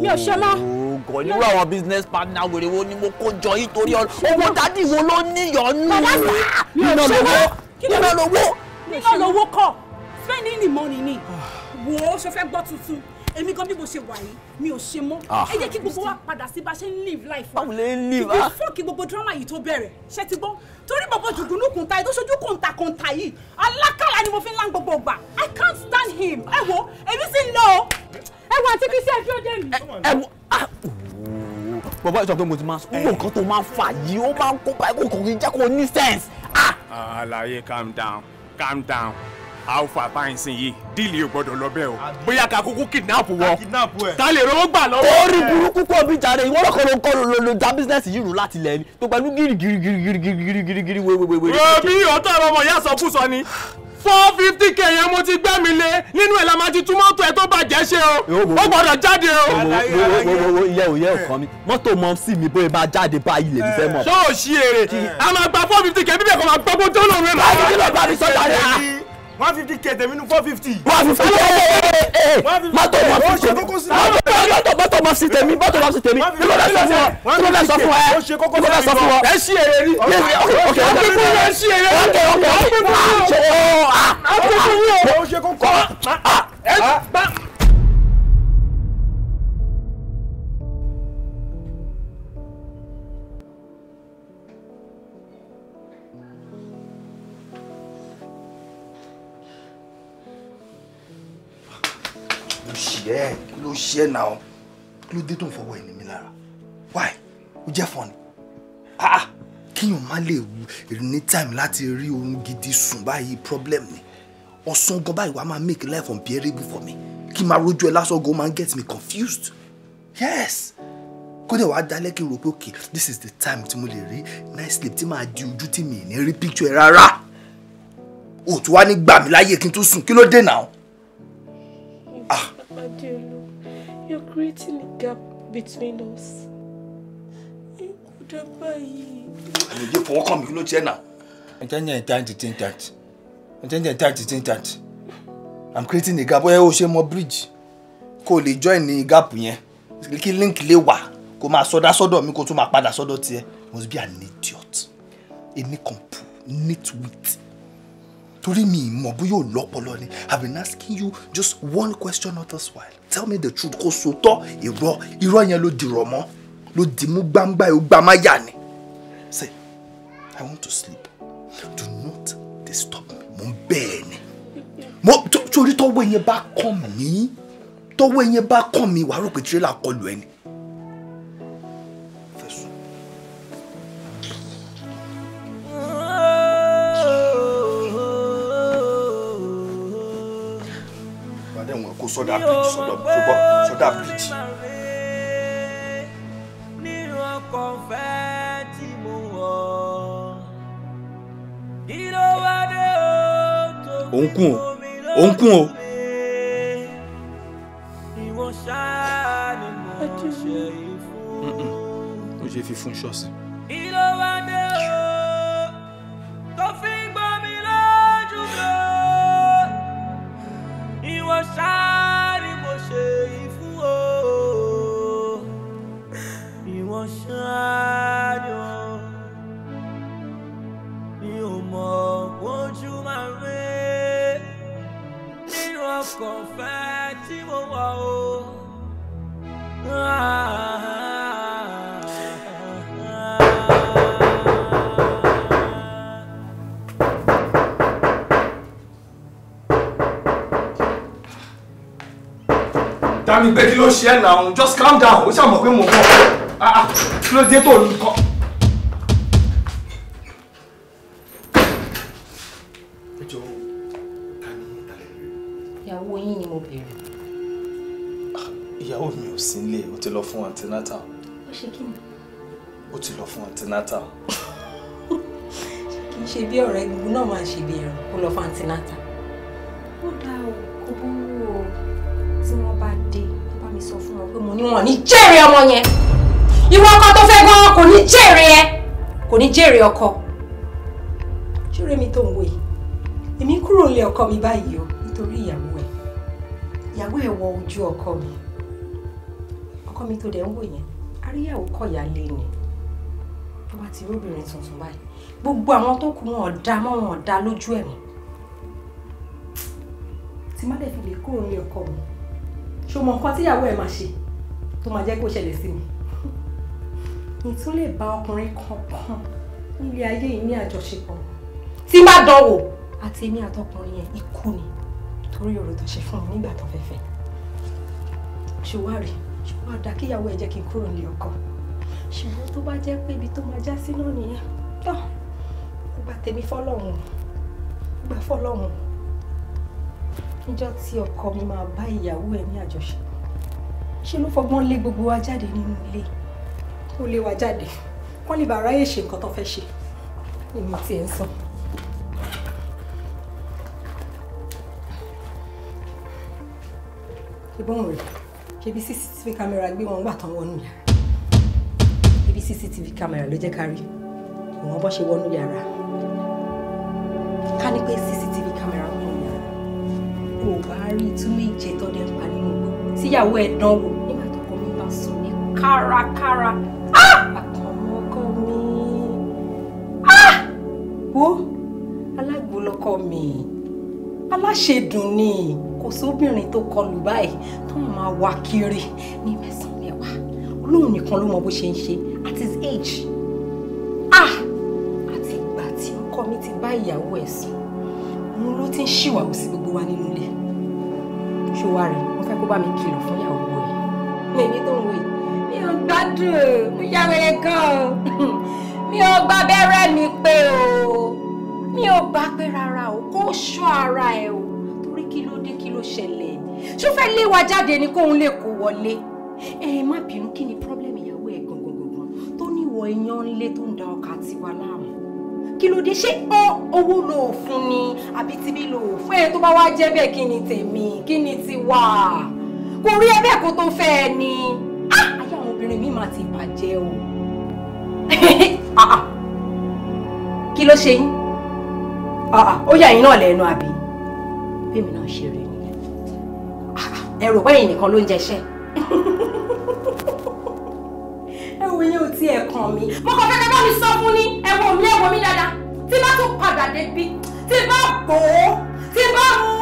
mi ò ṣe mọ́. oògùn nínú àwọn business partner wèrè wo ni mo kó jọ yìí torí owó dáàdi wo ló níyọnu nínú lówó nínú lówó. nínú lówó kọ spending the money ni wo ṣe fẹ́ gbọ́ tuntun èmi gan bí mo ṣe wà yìí mi ò ṣe mọ́ ah. ẹ jẹ́ kí gbogbo wa padà sí bá ṣe live life wa before ah. kí gbogbo drama yìí tó bẹ̀rẹ̀ ṣe ti gbọ́ torí bọ̀bọ̀ dùdùnú kùntà yìí tó ṣojú kùntà kùntà yìí alákàlà ni mo fi ń lá gbogbo ọgbà I can't stand him ẹ wo èmi sì ń lọ ẹ wo àti kristian fi ó dé mi. ẹ wo ah, bọ̀bọ̀ ìṣọ̀ pé mo ti máa sọ gbogbo nǹkan tó máa ń fà yìí ó máa ń kópa ẹ̀kọ́ kò kì í jẹ́ kó ní sense. àlàyé calm down calm down alpha tá à ń sìn yìí díìlì ò gbọdọ̀ lọ bẹ́ẹ̀ o bóyá ká kúkú kidnap wọ ta lè rówó gbà lọ́wọ́. orí burúkú kú omi jàre ìwọ lọkọ ló ń kọ ló ló da bísínẹsì yìí rù láti lẹ ni tó pẹ̀lú gírí gírí gírí gírí gírí gírí gírí gírí wéwéwé. omi ọ̀tọ̀ ọmọ ìyá sọkúsọ ni four fifty k yẹn mo ti gbẹ́mi lé nínú ẹ̀ la máa ti tún mọ́tò ẹ̀ tó bàjẹ́ ṣe o ó gbọ́dọ̀ jáde o. iye òye ọ̀kan mi mọ́tò mọ sí mi bóyá máa jáde báyìí lèmi fẹ́ mọ̀. ṣé o ṣí èrè a máa gba four fifty k bíbẹ̀ kó máa gbọ́ bó tó lòun ẹ̀ máa. báyìí kí ló bá mi sọ́jà rẹ̀ á one fifty k tèmi nu four fifty. one fifty k mọ́tò mọ́tò tèmi mọ́tò mọ́tò mọ́tò tèmi mọ́tò mọ́tò tèmi kí ló dé sọ fún wa kí ló dé sọ fún wa ẹ kí ló dé sọ fún wa. ẹ ṣí èrè rí ok ok ok ẹ ṣí èrè rí ok ok ok ah, ah, ah. ṣe ọ ọ ọ ọ ọ ọ ọ ọ ọ ọ ọ ọ ọ ọ ọ ṣe ẹ́ kí ló ṣe ẹ́ náà kí ló dé tó ń fọwọ́ ẹni mi lára why ó jẹ́ fọ́n ah, ah. kíyàn má lè ní time láti rí oorun gidi sùn báyìí problem ni ọ̀sán gan báyìí wàá máa make life unbearable for me kí n máa rojú ẹ lásán gan ó máa get me confused yes kódà wàá dalẹ̀ kí n rò pé okay this is the time tí mo lè rí night sleep tí màá di ojú tí mi ì ní rí picture ẹ rárá òtún wá ní gbà mí láyè kí n tún sùn kí ló dé náà. Adelu, you're creating a gap between us. And you for come, you know, Jenna. And then I'm trying to think that. And then you're trying to think that. I'm creating a gap where ó share more bridge. Kó lè join the gap yẹn. Kí link lè wà. Kó máa sọdá sọ́dọ̀ mi to. tún máa padà sọ́dọ̀ tiẹ̀. Must be an idiot. A nincompoop, nitwit torí mi ìmọ̀ bóyá ò lọ́pọlọ ni i been asking you just one question not this while tell me the truth kó so tọ́ irọ́ irọ́ yẹn ló dìrọ̀ mọ́ ló dì mú gbangba ẹ̀ ó gbà yà ni say i want to sleep do not disturb me mo ń bẹ́ẹ̀ ni mo torí tọ́wọ́ yẹn bá kàn mí tọ́wọ́ yẹn bá kàn mí wàá rò pé tirẹ́là kọlù ẹni sọdà bíríjì sọdà ṣùgbọ́n sọdà bíríjì. nínú ọkọ̀ fẹ́ o o. E. ṣe fi fún ṣọ́ọ̀ṣì. tó fi gbọ́ mi lójú lọ. ìwọ ṣáà. kọ̀fẹ́ tí mo wà o. dami pé kí ló ṣe ẹ́ náà just calm down ó ṣàmọ̀ pé mo kọ́ ah, ah. kí ló dé tó ń kọ́. má máa ṣe bí ẹran kó lọ fún antinata. ó dáa o kò burú o tí wọ́n bá dé ẹ bá mi sọ fún wọn pé mo ní wọn ní jèrè ọmọ yẹn ìwọ ọkọ tó fẹ́ gan kò ní jèrè ẹ kò ní jèrè ọkọ ṣúrẹ́ mi tó ń wé èmi kúrò lé ọkọ mi báyìí o nítorí ìyàwó ẹ ìyàwó ẹ wọ ojú ọkọ mi ọkọ mi tó dẹ̀ ń wò yẹn aríyàwó kọ̀yà lé ni tó bá ti rí obìnrin tuntun báyìí gbogbo àwọn tó kù wọn ò dá mọ́ wọn ò dá lójú ẹ̀ mọ́ tí má dẹ̀ fi lè kúrò nílé ọkọ mi ṣó mọ nǹkan tíyàwó ẹ̀ máa ṣe tó máa jẹ́ kó ṣẹlẹ̀ sí mi ìtún lè bá ọkùnrin kankan nílé ayé yìí ní àjọṣepọ̀ tí má dánwò àti èmi àtọkùnrin yẹn ikú ni torí ọ̀rọ̀ tó ṣe fún mi nígbà tó fẹ́fẹ́ ṣùwárí ṣùgbọ́n àdá kíyàwó ẹ̀ jẹ́ kí n kúrò nílé ọkọ ṣùgbọ́n tó bá jẹ́ pé ibi tó máa já sí náà nìyẹn gba tèmi fọlọ́run gba fọlọ́run níjọ́ tí ọkọ mi máa bá ìyàwó ẹ̀ ní àjọṣepọ̀ ṣe ló fọgbọ́n lé gbogbo wa jáde nínú ilé ó lé wa jáde wọ́n lè bá aráyè ṣe nǹkan tó fẹ́ ṣe èmi tiẹ̀ ń sàn. ìbọn rẹ̀ ṣebí cctv camera gbé wọn gbà tán wọnú yàrá ibi cctv camera ló jẹ́ ká rí ìwọ̀n bọ́ ṣe wọnú yàrá ká ní pé cctv camera kún ní ara kò bá rí itú méje tó dé pa nínú igbó tíyàwó ẹ̀ dánwò nígbà tó kọ́ mi bá sùn ní kárakára ah! àkànmọ́ ọkọ mi ah! wo alágbo lọkọ mi aláṣẹdùn ni kò sóbìnrin tó kọlù báyìí tó máa wá kiri ní mẹ́sàn-án mẹ́wàá olóhùn nìkan ló mọ bó ṣe ń ṣe at his age. ìyàwó ẹ̀ sí òun ló ti ń ṣìwàwù sí gbogbo wa nínú ilé ṣó wá rẹ̀ mo fẹ́ kó bá mi kìlọ̀ fún ìyàwó ẹ̀ mi tó ń wò mi ò gbádùn mo ya wẹrẹ gan o mi ò gba abẹ́rẹ́ mi pé o mi ò gbà pé rárá o kó ṣọ́ ara ẹ̀ o torí kí ló dé kí ló ṣẹlẹ̀ ṣó fẹ́ lé wa jáde ni kóun lè kó wọlé ẹ má bínú kí ni pírọ́blẹ́mù ìyàwó ẹ̀ gangan gangan tó ní ìwọ iyán ńlé tó ń da ọkà tiwa láàmú kí ló dé ṣé ọ owó lo fún ni àbí tibí ló fún ẹ tó bá wá jẹ́ bẹ́ẹ̀ kí ni tèmi kí ni tiwa kò rí ẹ bẹ́ẹ̀ kó tó fẹ́ ẹ ni àyà àwọn obìnrin mi máa ti bàjẹ́ o ah, ah. kí ló ṣe yín ah, ó yà yín náà lẹ́nu àbí bẹ́ẹ̀ mi náà ṣe rè ẹ rò pé ẹ̀yin nìkan ló ń jẹṣẹ́. ẹ̀wù yín ò tiẹ̀ kàn mí. mo kàn fẹ́ fẹ́ bá mi sọ fún ní ẹ̀wọ̀n mi ẹ̀wọ̀n mi dáadáa tí bá tún padà débi tí bá bò ó tí bá mú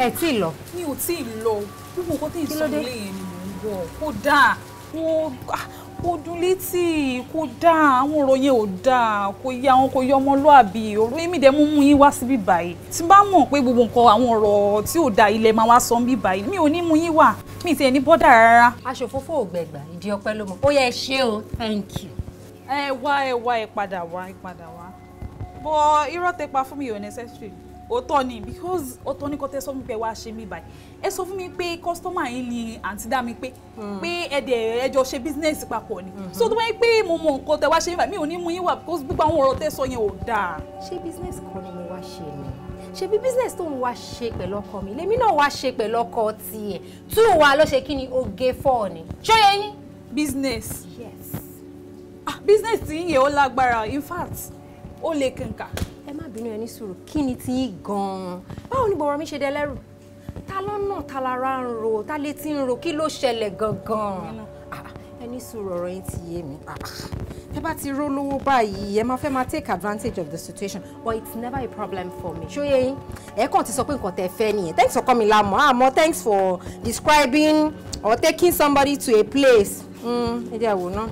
ẹ tí ì lọ. mi ò tí ì lọ gbogbo nǹkan tí ìsọ̀rọ̀ lè yẹn ni mò ń bọ̀ kó dáa kó dún létí kó dáa àwọn ọ̀rọ̀ yẹn ò dáa kó yá wọn kó yọ ọmọlúàbí ọ̀rọ̀ èmi dẹ̀ mú mú yín wá síbí báyìí tí bá mọ̀ pé gbogbo nǹkan àwọn ọ̀rọ̀ tí ò da ilẹ̀ máa wá sọ ń bí báyìí mi ò ní mú yín wá mi tiẹ̀ ní bọ́dà rárá. aṣòfófó ò gbẹ̀gbà ìdí ọpẹ́ ló mọ̀ ó yẹ ṣé o thank you. ẹ wá ẹ wá ẹ padà wá ẹ padà wá bọ irọ́ tẹ pa fún mi ò necessary òótọ́ ni because òótọ́ ni kò tẹ́ sọ fún mi pé wàá ṣe mí báyìí ẹ sọ fún mi pé customer yín ni àǹtí dá mi pé hmm. pé ẹ̀dẹ̀ ẹjọ́ ṣe business papọ̀ ni hmm. so tó bá yẹ pé mo mọ nǹkan tẹ́ wàá ṣe mí báyìí mi ò ní mú yín wá because gbogbo àwọn ọ̀rọ̀ tẹ́ sọ yẹn ò dáa. ṣé business kan ni mo wá ṣe ni ṣebí business tó ń wá ṣe pẹ̀lú ọkọ mi lèmi náà wá ṣe pẹ̀lú ọkọ tiẹ̀ tú wa ló ṣe kí ni oge fọ́ ni ṣó yẹ business yes ah business ti ń yẹ ó lágbára in fact ó lè kànkà ẹ má bínú ẹ ní sùúrù kí ni ti yín gan-an báwo ni bọ̀rọ̀ mi ṣe dẹlẹ́rù ta lọ́nà ta lára ń ro ta létí ń ro kí ló ṣẹlẹ̀ gangan ah, ẹ ní sùúrù ọ̀rọ̀ yín ti yé mi ah, ẹ bá ti ró lówó báyìí ẹ máa fẹ́ máa take advantage of the situation but it's never a problem for me ṣó yé yín ẹ kàn ti sọ pé nǹkan tẹ fẹ́ nìyẹn thanks for coming lamọ àmọ́ ah, thanks for describing or taking somebody to a place mm, ẹ jẹ́ àwòrán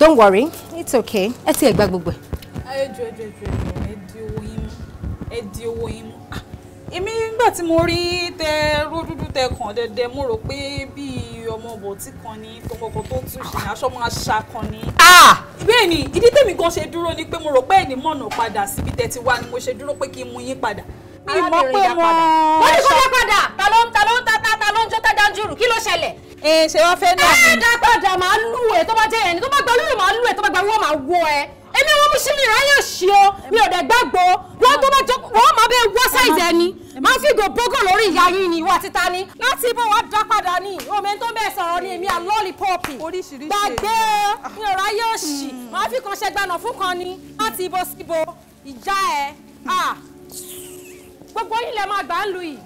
don't worry it's okay ẹ ti ẹ̀ gba gbogbo ẹ̀. ẹ jù ẹ jù ẹ jù ẹ ẹ di owó yín mú ah, èmi nígbà tí mo rí tẹ ró tẹ kàn dẹdẹ mo rò pé bíi ọmọ bòtí kan ní kókókó tó tún ṣe aṣọ máa ṣàkàn ní. Ah! bẹ́ẹ̀ ni ìdí tèmi gan ṣe dúró ni pé mo rò pé ẹ̀ní mọ̀nà padà síbi tẹ ti ni mo ṣe dúró pé kí n mú yín padà mi pé mo. wọ́n padà ta ló ń ta ló ń ta ta ta ló ń jó tájà ń kí ló ṣẹlẹ̀. ẹ ṣe wá fẹ́ náà. ẹ dá padà máa lù ẹ tó bá jẹ ẹni tó bá gba olúwo máa lù ẹ tó bá gba olúwo máa wọ ẹ èmi àwọn mú sí mi ráyè sí o mi ò dẹ̀ gbàgbọ́ wọ́n tó bá jókòó wọ́n máa bẹ wá sáìzì ẹni máa fi gò bógò lórí ìyá yín ni ìwà títa ni láti ibò wá dá padà ní omi tó bẹ́ẹ̀ sọ̀rọ̀ ni èmi àlọ́ọ̀lì pọ́ọ̀pì gbàgbé mi ò ráyè sí hmm. máa fi kan ṣẹgbàna fún kan ni láti ibò síbo ìjà ẹ̀ ah. gbogbo yín lè máa gbà ń lu yìí.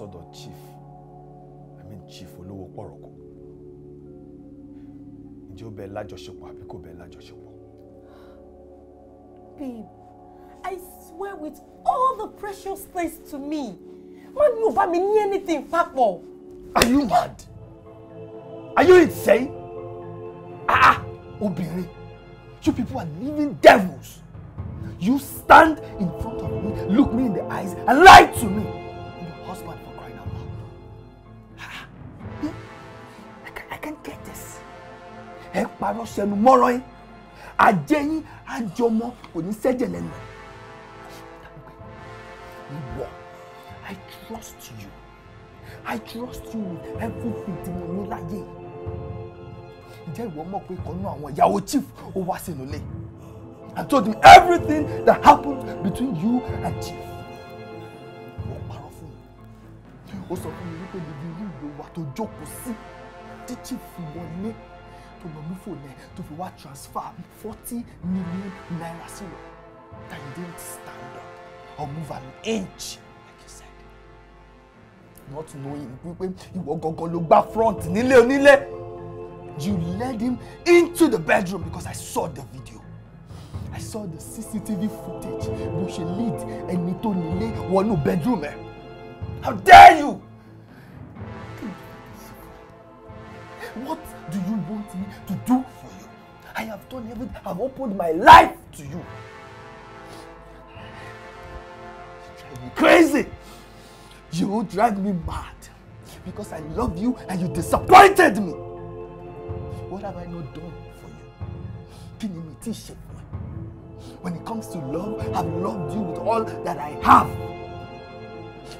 sọ́dọ̀ chief i mean chief olówó pọ̀rọ̀kọ̀ ǹjẹ́ ó bẹ lájọṣepọ̀ àbí kò bẹ lájọṣepọ̀. babe i swear with all the precious things to me má ní ò bá mi ní anything papọ̀. are you mad are you insane ah ah obìnrin you people are living devils you stand in front of me look me in the eyes and lie to me. parọ́ sẹ́nu mọ́rọ́ yín ajé yín ajé kò ní sẹ́jẹ̀ lẹ́nu ìwọ I trust you I trust you with everything tí mo ní láyé ǹjẹ́ ìwọ mọ̀ pé kan náà àwọn ìyàwó chief ó wá sínú ilé I told him everything that happened between you and chief ó parọ́ fún mi ó sọ fún mi wípé bíbí irú ìlú wa tó jókòó sí tí chief fi wọlé tó lọ mú fóònù ẹ tó fi wá transfer forty million naira sí wọn that you didn't stand up or move an inch like you said not knowing wípé ìwọ gangan ló gbá front nílé onílé you led him into the bedroom because I saw the video. I saw the CCTV footage bó ṣe lead ẹni tó nílé wọnú bedroom ẹ. How dare you! asked me to do for you. I have done everything. I've opened my life to you. You drive me crazy. You drive me mad because I love you and you disappointed me. What have I not done for you? Can you mi ti ṣe When it comes to love, I've loved you with all that I have.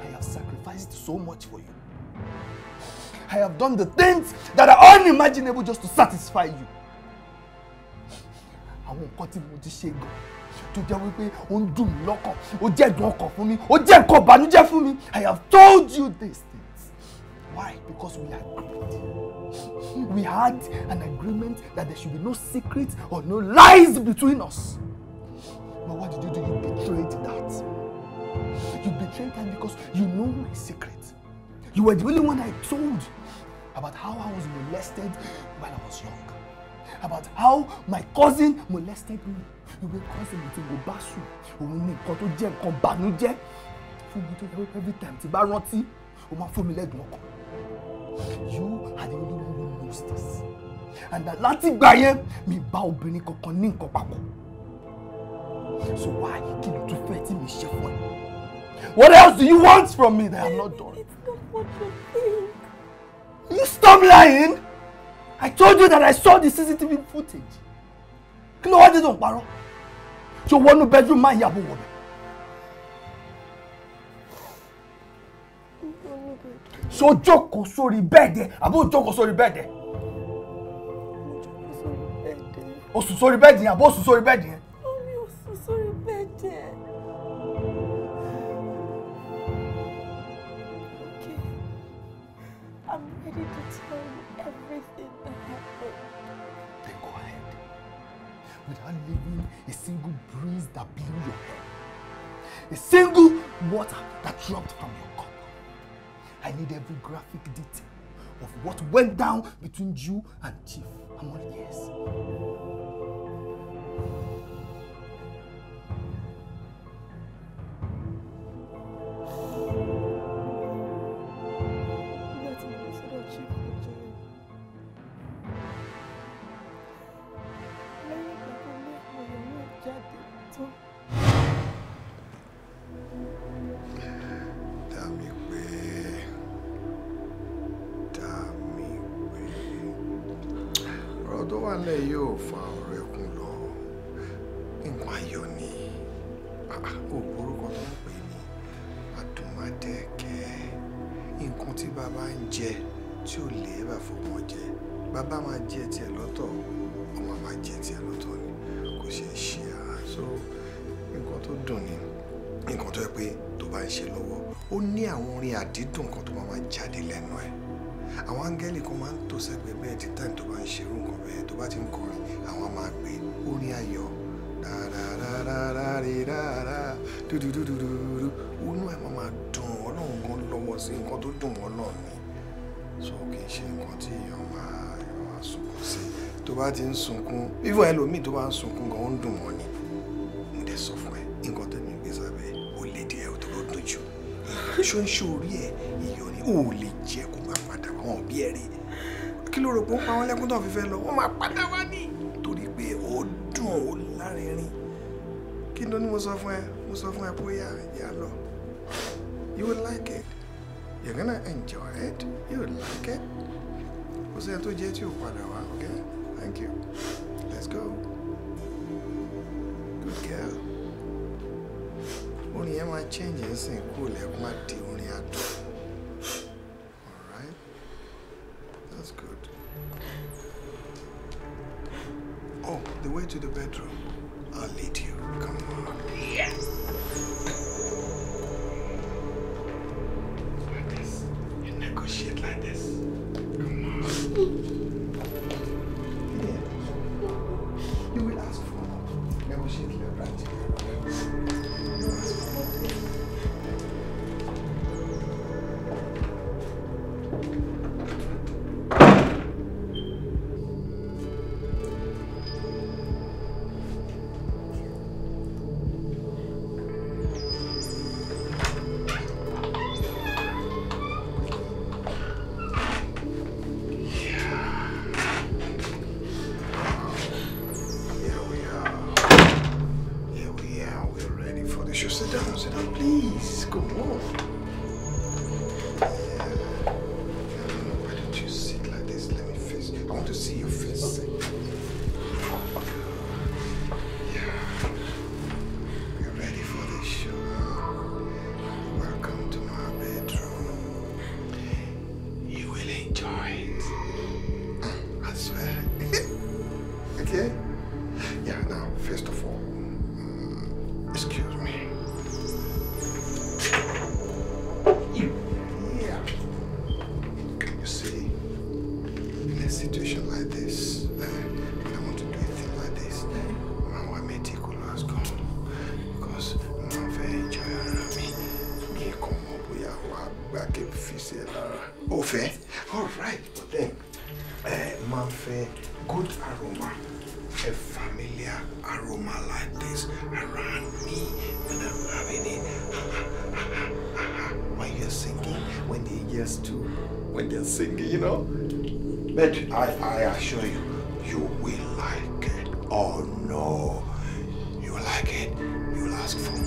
I have sacrificed so much for you. I have done the things that are unimaginable just to satisfy you. Àwọn nǹkan tí mo ti ṣe gan tó jẹ́ wípé ó ń dùn mí lọ́kàn, ó jẹ́ ẹ̀dùn ọkàn fún mi, ó jẹ́ nǹkan ìbànújẹ́ fún mi. I have told you these things. Why? Because we agreed. We had an agreement that there should be no secrets or no lies between us. But what did you do? You betrayed that. You betrayed that because you know my secret. You were the only one I told about how I was molested while I was young about how my cousin molested me You ìwé cousin ti wo bá sùn òun ní nǹkan to jail nǹkan bànújẹ́ fún mi tó yẹ wípé every time tí bá You ó máa fún mi lẹ́dùn you are the only one who knows this and that látìgbà yẹn mi bow obìnrin kankan ní nǹkan papọ̀ so why kí ló tún fẹ́ tí mi ṣe what else do you want from me that i am not done. it's not what you think. You stop lying! I told you that I saw the CCTV footage. Kí ló wá dé tó ń parọ́? Ṣé bedroom máa yàgò wọ̀ So Ṣé o jókòó sórí bẹ́ẹ̀dẹ̀ àbí o jókòó sórí bẹ́ẹ̀dẹ̀? O sùn sórí bẹ́ẹ̀dì yẹn àbí o sùn sórí bẹ́ẹ̀dì yẹn? without leaving a single breeze that blew your hair, a single water that dropped from your cup. I need every graphic detail of what went down between you and Chief Amon Yes. jẹ tí ò lè bà fọmọ jẹ bàbá máa jẹ tiẹ̀ lọ́tọ̀ ọmọ máa jẹ tiẹ̀ lọ́tọ̀ ni kò ṣeé ṣe àá so nǹkan tó dùn ni nǹkan tó yẹ pé tó bá ń ṣe lọ́wọ́ ó ní àwọn orin àdídùn kan tó máa jáde lẹ́nu ẹ̀ àwọn áńgẹ́lì kan máa ń tò sẹ́gbẹ̀ẹ́ bẹ́ẹ̀ tí tó bá ń ṣerú nǹkan bẹ́ẹ̀ tó bá ti ń kọrin àwọn máa gbé orin ayọ̀ rárárárárárá dúdúdúdúdú inú ẹ̀ máa dùn ọlọ́run gan lọ́wọ́ sí nǹkan tó dùn mọ́ náà ni so kì í ṣe nǹkan tí èèyàn máa èèyàn máa sunkún sí tó bá ti ń sunkún even ẹlòmíì tó bá ń sunkún gan ń dùn wọ́n ni mo dẹ̀ sọ fún ẹ nǹkan tẹ̀mí gbé sábẹ́ ó lè díẹ̀ ó tó ló dùn jù ṣó ń ṣe orí ẹ ìyọ ni ó lè jẹ́ kó máa padà wá wọn bí ẹ rí kí ló rò pé ó pa wọn lẹ́kún tó fi lọ wọ́n máa padà wá ní torí pé ó dùn ó lárinrin kí ló mo sọ fún ẹ mo sọ fún ẹ bóyá ìyá lọ you will like it. You're gonna enjoy it. You like it. We'll sẹ́ni tó jẹ́ tí ò padà okay? Thank you. Let's go. Good girl. Only yẹn máa change yẹn sìn kúrò lẹ́kùn máa di orin àdùn. máa good aroma a familiar aroma like this around me when I'm having it when you're singing when they angels too when they're singing you know but I I assure you you will like it oh no you like it you'll ask for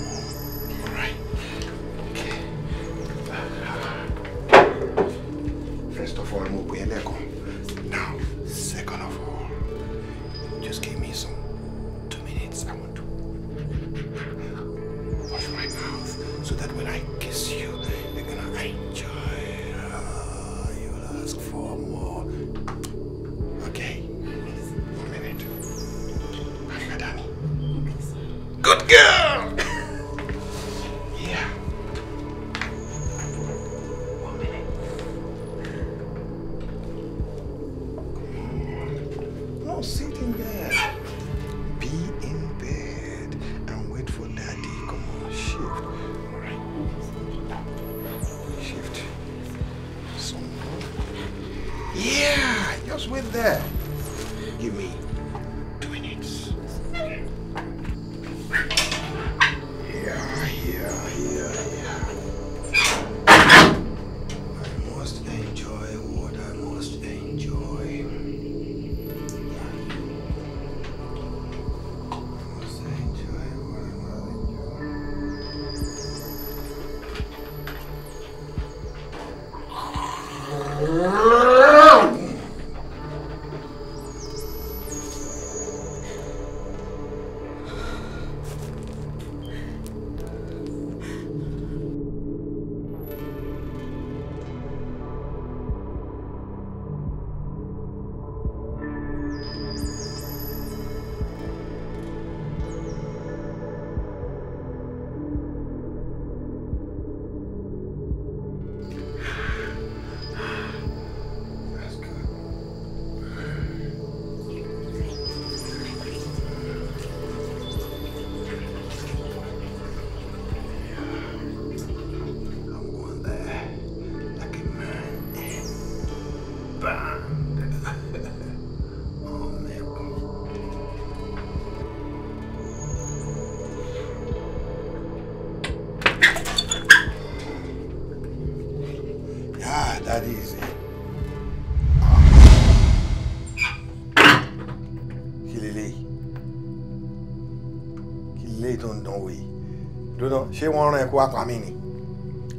ṣé wọ́n rán ẹ kó wá pa mí ni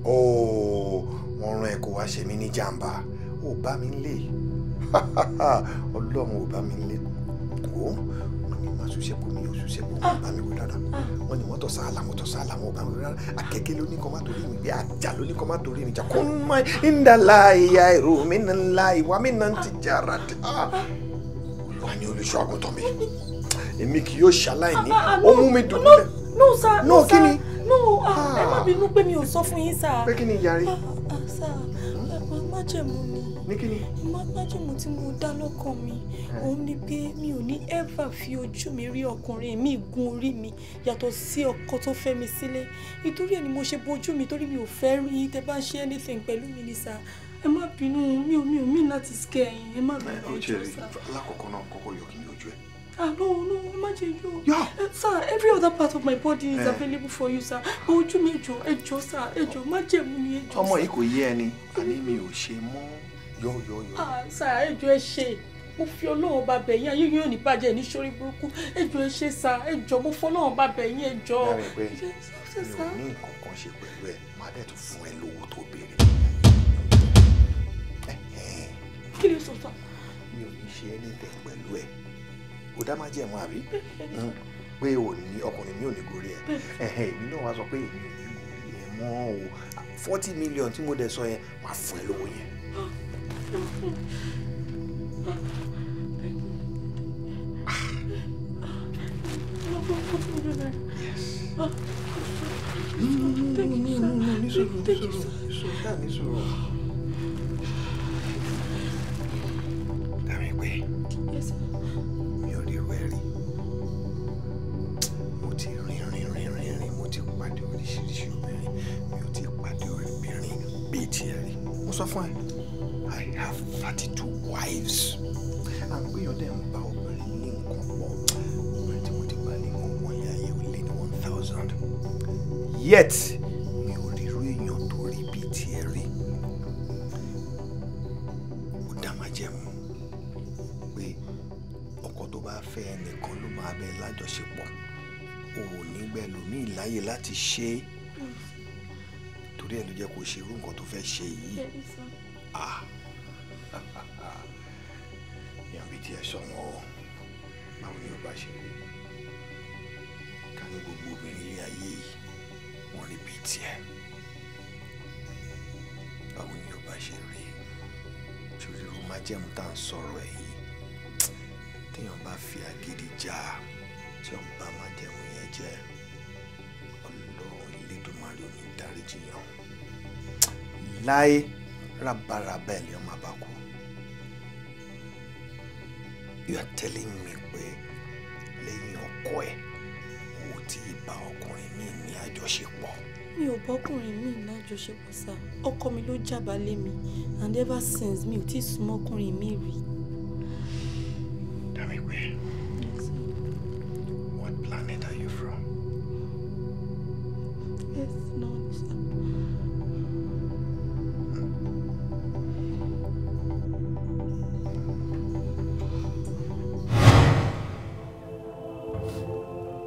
ooo wọ́n rán ẹ kó wá ṣe mí ní jàǹbá ò bá mi lè ọlọ́run ò bá mi lè kó wọ́n ní màá ṣùṣẹ́ kó mi ò ṣùṣẹ́ kó mi bá mi wò dáadáa wọ́n ní wọ́n tọ̀ sáà làwọn tọ̀ sáà làwọn ò bá mi wò dáadáa àkẹ́kẹ́ ló ní kọ́ má torí mi bí àjà ló ní kọ́ má torí mi jà kó má ń dà láàyà èrò mi nà láì wá mi nà ń ti jára dé olúwa ni olùṣọ́ àgùntàn mi èmi kì yóò ṣaláìní ah, ah, ah, ó mú mi dùn nílẹ̀. no sir no sir no ah, ah. má bínú pé mi ò sọ fún yín sá. pé kí ni yàrá ah, ah, sá ẹ̀pọ̀ májẹ̀mú mi ní kí ni. májẹ̀mú tí mo dá lọ́kàn mi òun eh. ni pé mi ò ní ever fi ojú mi rí ọkùnrin mi gun orí mi yàtọ̀ sí ọkọ tó fẹ́ mi sílẹ̀ nítorí ẹ̀ ni mo ṣe bojú mi torí mi ò fẹ́ rí tẹ bá ṣe anything pẹ̀lú mi ni sá ẹ má bínú mi ò mi ò mí láti scare yín ẹ má bínú ojú eh, sá. ọjọ́ rẹ̀ lákọ̀ọ́kọ́ náà kọ́kọ́ ni ojú ẹ̀ Ah, no, no, imagine you. Yeah. Uh, sir, every other part of my body is eh. available for you, sir. But ojú mi ẹjọ, ẹjọ, sir, ẹjọ, májẹ̀mú ni ẹjọ. Ọmọ yìí kò yé ẹni, àní mi ò ṣe mọ́ yọ̀yọ̀yọ̀. Ah, sir, ẹjọ ẹ mo fi ọlọ́run bá bẹ̀ yín ayé yóò ní bàjẹ́ ní sórí burúkú ẹjọ ẹ ṣe sá ẹjọ mo fọ ọlọ́run bá bẹ̀ yín ẹjọ. láàrin pé mi ò ní nǹkan kan ṣe pẹ̀lú ẹ má dẹ̀ tún fún ẹ lówó tó béèrè. kí ni sọ sá. mi ò ní ṣe anything pẹ̀lú ẹ o dá má jẹ̀mú àbí hmm. pé o ní ọkùnrin mi ò ní gorí ẹ èmi náà wá sọ pé èmi ò ní gorí ẹ mọ́ o forty million tí mo dẹ̀ sọ yẹn máa fún ẹ lówó yẹn. Thank you, sir. Thank you, sir. Yes, sir pẹ́ rí mo ti rìn rìn rìn rìn rìn mo ti pàdé oríṣiríṣi obìnrin mi ò ti pàdé obìnrin bíi tiẹ̀ rí mo sọ fún ẹ I have thirty two wives à ń gbéyàn dẹ̀ ń bá obìnrin ní nǹkan pọ̀ obìnrin tí mo ti gbà ní wọn wọ̀nyí ayé ó lé ní one thousand yet. àjọṣepọ̀ o ò ní gbẹ lòmíì láyè láti ṣe é torí ẹ ló jẹ́ kó ṣe irú nǹkan tó fẹ́ ṣe yìí ah. èèyàn bíi tiẹ̀ sọ̀wọ́n o báwo ni o bá ṣe rí ká ní gbogbo obìnrin ilé ayé yìí wọ́n rí bíi tiẹ̀ báwo ni o bá ṣe rí torí irú májẹ̀mú tá à ń sọ̀rọ̀ ẹ̀ yìí téèyàn bá fi àgídí já a tí ó ń bá májẹ̀mú yẹn jẹ́ ọlọ́run Elédùmarè ò ní dáríjì yàn láé rábàràbà bá kú you are telling me pé lẹ́yìn ọkọ ẹ̀ o ti bá ọkùnrin mi ní àjọṣepọ̀. mi ò bọ́kùnrin mi ní àjọṣepọ̀ sá ọkọ mi ló jábàálẹ̀ mi and ever since mi ò tí ì súnmọ́kùnrin mi rí. dàbí pé. planet are you from? Yes, no,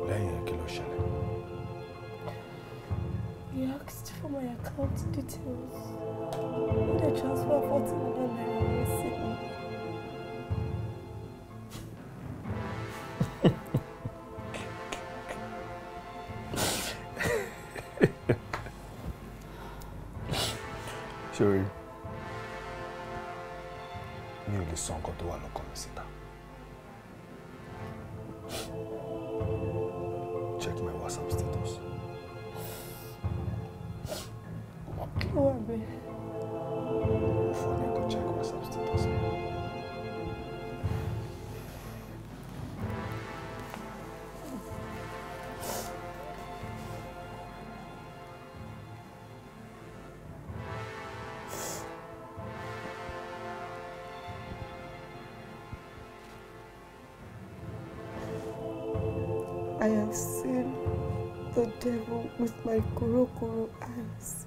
Lẹ́yìn You asked for my account details. I have seen the devil with my kurokuro eyes.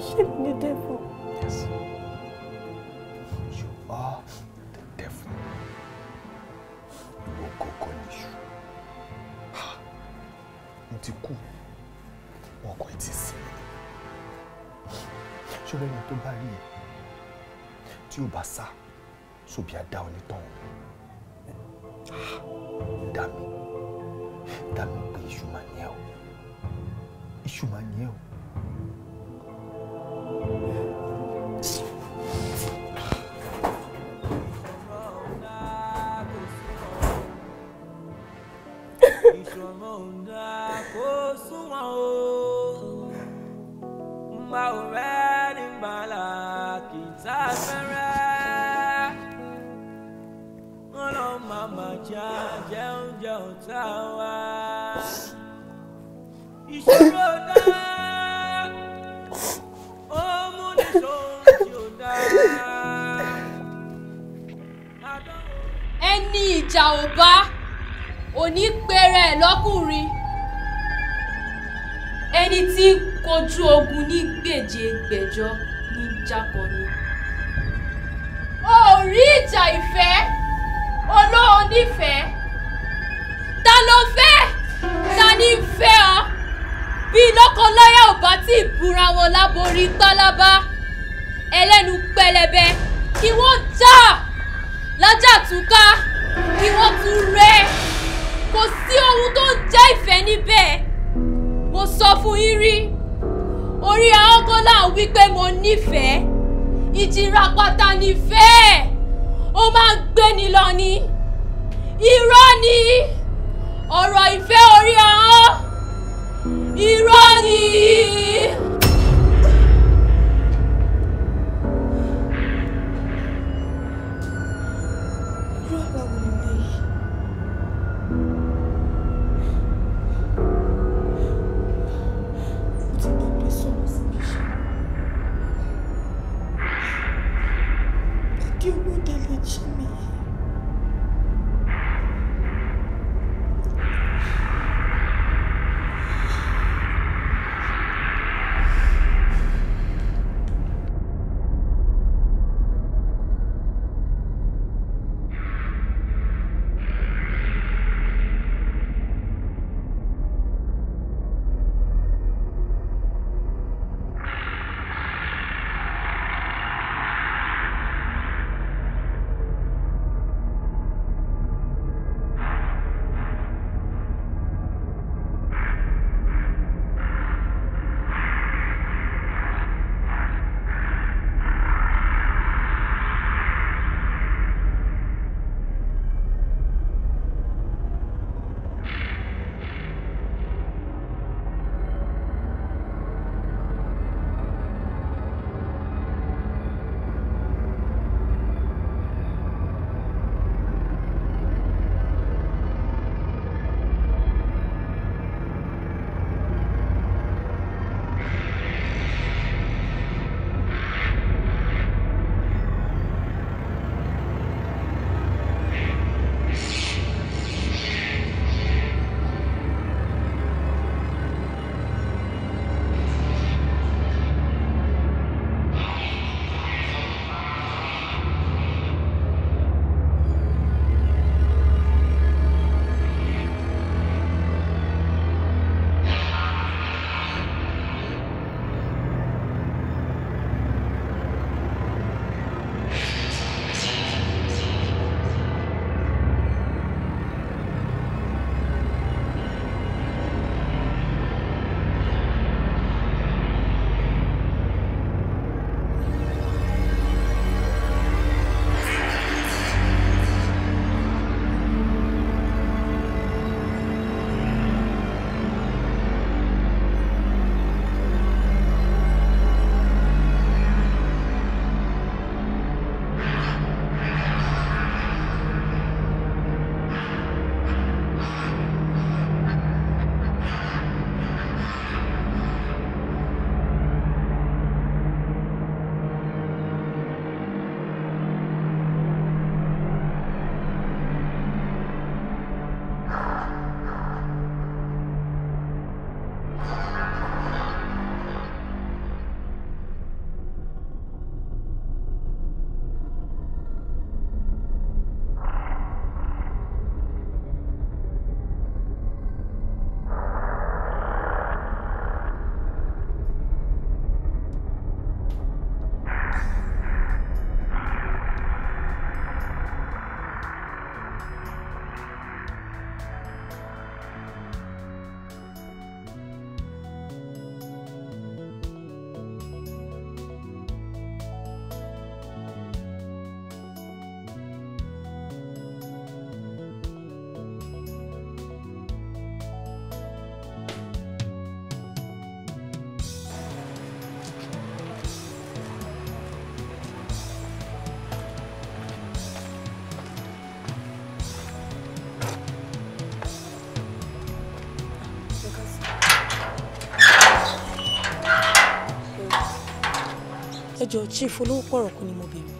Shame the devil. Yes. You are the devil. Okoko Nishu. Ha! Ntiku. Ọkọ ẹ ti sinmi. Ṣé wẹ́n ni tó bá rí ẹ? Tí o bá sá, sóbi á dá ọ ní dá-me. Dá-me um beijo, Manel. Beijo, Manel. ẹjọ chief olówó pọ̀rọ̀ kù ni mo bèrè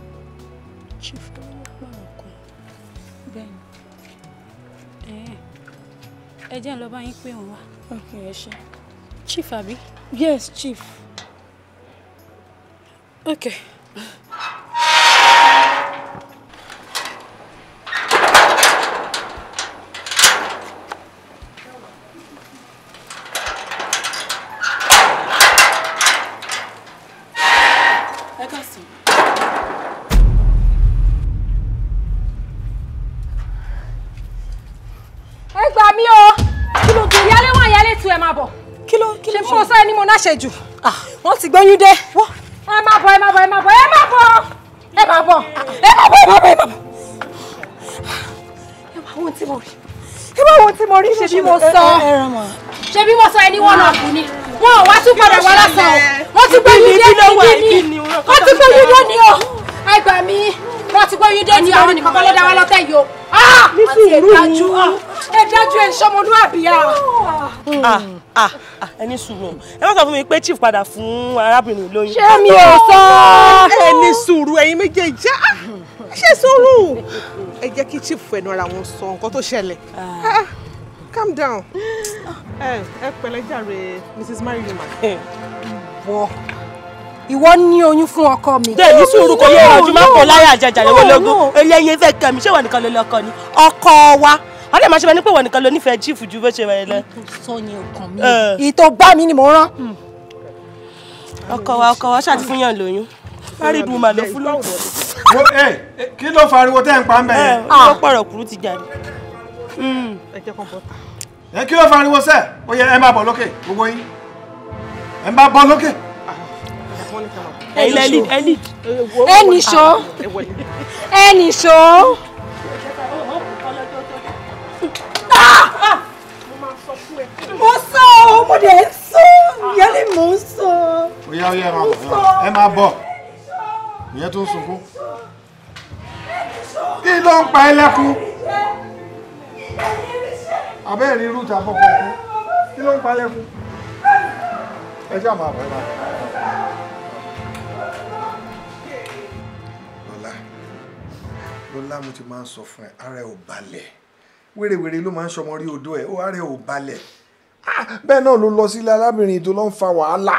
chief olówó pọ̀rọ̀ kù bẹ́ẹ̀ ni ẹ jẹ́ ń lọ bá yín pé òun wá. ok ẹ ṣe chief àbí. yes chief. Ok. ṣe jù ah, wọ́n ti gbóyún dé. ẹ má bọ̀ ẹ má bọ̀ ẹ má bọ̀ ẹ má bọ̀ ẹ má bọ̀ ẹ má bọ̀ ẹ má bọ̀ ẹ má bọ̀ ẹ má wọn tí mo rí ẹ má wọn tí mo rí ṣe bí mo sọ ṣe bí mo sọ ẹni wọn náà kù ni wọn ò wá tún padà wá lásán wọn ti gbóyún dé ní wọn ti gbóyún dé ní o ẹ gbà mí wọ́n ti gbóyún dé ní àwọn nìkan kan ló dá wa lọ́tẹ̀ yìí o. Ah! ní sùúrù ah! ẹ àbíyá ẹni sùúrù ẹ má sọ fún mi pé chief padà fún arábìnrin lóyún. ṣé mi ò sọ ẹni sùúrù ẹ̀yin méjèèjì ah, ṣe sùúrù ẹ jẹ́ kí chief ẹnu ara wọn sọ nǹkan tó ṣẹlẹ̀ ah. Ah, calm down ẹ pẹ̀lẹ́ jàre mrs marilima. wọ́n ìwọ ní oyún fún ọkọ mi. bẹ́ẹ̀ ní sùúrù kò yẹ ọdún má kọ láyà àjàjà lọ́wọ́ eléyìí fẹ́ kẹmí ṣé wà nìkan ló ni ọkọ wa a lè máa ṣe bẹ ní pé wọn nìkan ló nífẹ̀ẹ́ chief ju bó ṣe rẹ lẹ. sọ yẹn ọkàn mi eh. ìtò gbá mi ni mò ń rán. Hmm. ọkọ wa ọkọ wa ṣáàtì fún yàn lóyún married woman ló fún lọ́wọ́. Eh, kí ló fariwo tẹ́ ń pa ń bẹ̀ yẹn. ó eh, ah. pọ̀rọ̀ kúrú ti jáde. Hmm. ẹ kí ló fariwo sẹ́ ó yẹ ẹ máa bọ̀ lókè gbogbo yín ẹ máa bọ̀ lókè. ẹ ní ṣó ẹ ní ṣó. mo sọ ọ mo dẹ̀ ń sọ ìyálé mo ń sọ. ó yá ó yá ẹ máa bọ̀ ìyẹn tó ń sunkún kí ló ń pa ẹ́ lẹ́kún abẹ́rẹ́ irú ta fọ́kọ̀ kú kí ló ń pa lẹ́kún ẹ jẹ́ àmọ́ àbọ̀ ẹ̀ máa. lọ́lá lọ́lá mo ti máa ń sọ fún ẹ ara ẹ ò balẹ̀ wèrèwèrè ló máa ń ṣọmọ rí odò ẹ̀ ó wá rẹ̀ ò balẹ̀ ah, bẹ́ẹ̀ náà ló lọ sílé arábìnrin tó lọ́ ń fa wàhálà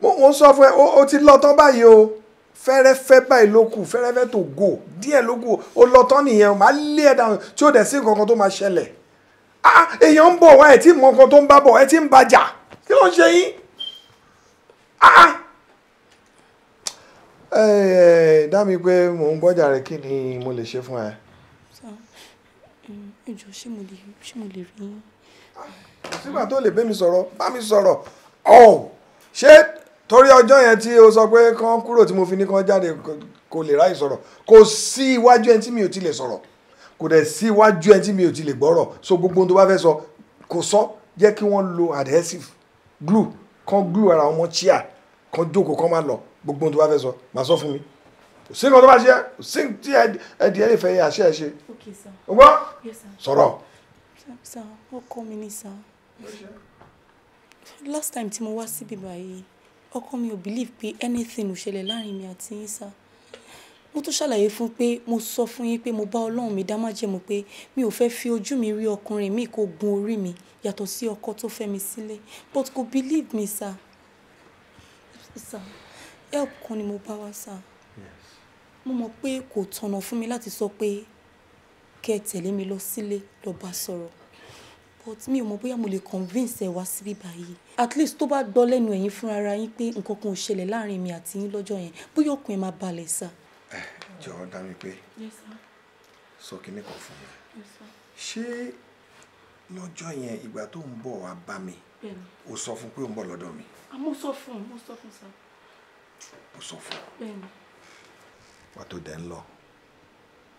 mo sọ fún ẹ ó ti lọ tán báyìí o fẹ́rẹ́fẹ́ báyìí ló kù fẹ́rẹ́fẹ́ tó gò díẹ̀ ló kù ó lọ tán nìyẹn màá lé ẹ dànù tí ó dẹ̀ sí nǹkan kan tó máa a ah, èèyàn ń bọ̀ wá ẹ̀ tí mọ nǹkan tó ń bá bọ̀ ẹ̀ tí ń bàjà kí ló ń ṣe yín. Ah, dá mi pé mò ń gbọ́jà rẹ̀ kí ni mo lè ṣe fún ẹ ẹ jọ̀ọ́ ṣé mo lè ṣé mo lè rí yín. sígbà tó lè bẹ́ mi sọ̀rọ̀ bá mi sọ̀rọ̀ ọ̀ oh, ṣé torí ọjọ́ yẹn tí o sọ pé kán kúrò tí mo fi ní kán jáde kò lè ráyè sọ̀rọ̀ kò sí iwájú ẹni tí mi ò ti lè sọ̀rọ̀ kò dẹ̀ sí iwájú ẹni tí mi ò ti lè gbọ́rọ̀ so gbogbo ohun tó bá fẹ́ sọ kò sọ jẹ́ kí wọ́n lo adhesive glue kán glue ara wọn mọ́ chair kán jókòó kán má lọ gbogbo ohun tó bá fẹ́ sọ má sọ fún mi kò sí nǹkan tó bá ṣe kò sí tí ẹdì ẹ lè fẹ́ àṣẹ ẹ ṣe. o gbọ́ sọ̀rọ̀. ọkọ mi ni sàn last time tí mo wá síbi báyìí ọkọ mi ò believe pé anything ò ṣẹlẹ̀ láàrin mi àti yín sàn mo tún ṣàlàyé fún pé mo sọ fún yín pé mo bá ọlọ́run mi dá májẹ̀mú pé mi ò fẹ́ fi ojú mi rí ọkùnrin mi kó gun orí mi yàtọ̀ sí ọkọ tó fẹ́ mi sílé but kò believe me sir sir help kan ni mo bá wá sir mo mọ̀ pé kò tọ̀nà fún mi láti sọ pé kẹ́ ẹ tẹ̀lé mi lọ sílé lọ bá sọ̀rọ̀ but mi ò mọ̀ bóyá mo lè convince ẹ wá síbí báyìí at least tó bá gbọ́ lẹ́nu ẹ̀yin fúnra ara yín pé nǹkan kan ò ṣẹlẹ̀ láàrin mi àti yín lọ́jọ́ yẹn bóyá ọkùnrin máa balẹ̀ sá. ẹ jọ̀ọ́ dá mi pé sọ kínní kan fún mi ṣé lọ́jọ́ yẹn ìgbà tó ń bọ̀ wá bá mi o sọ fún pé o ń bọ̀ lọ́dọ̀ mi. Ah, mo sọ fún mo sọ fún sá. o sọ fún. bẹ́ẹ̀ni ìgbà tó dẹ̀ ń lọ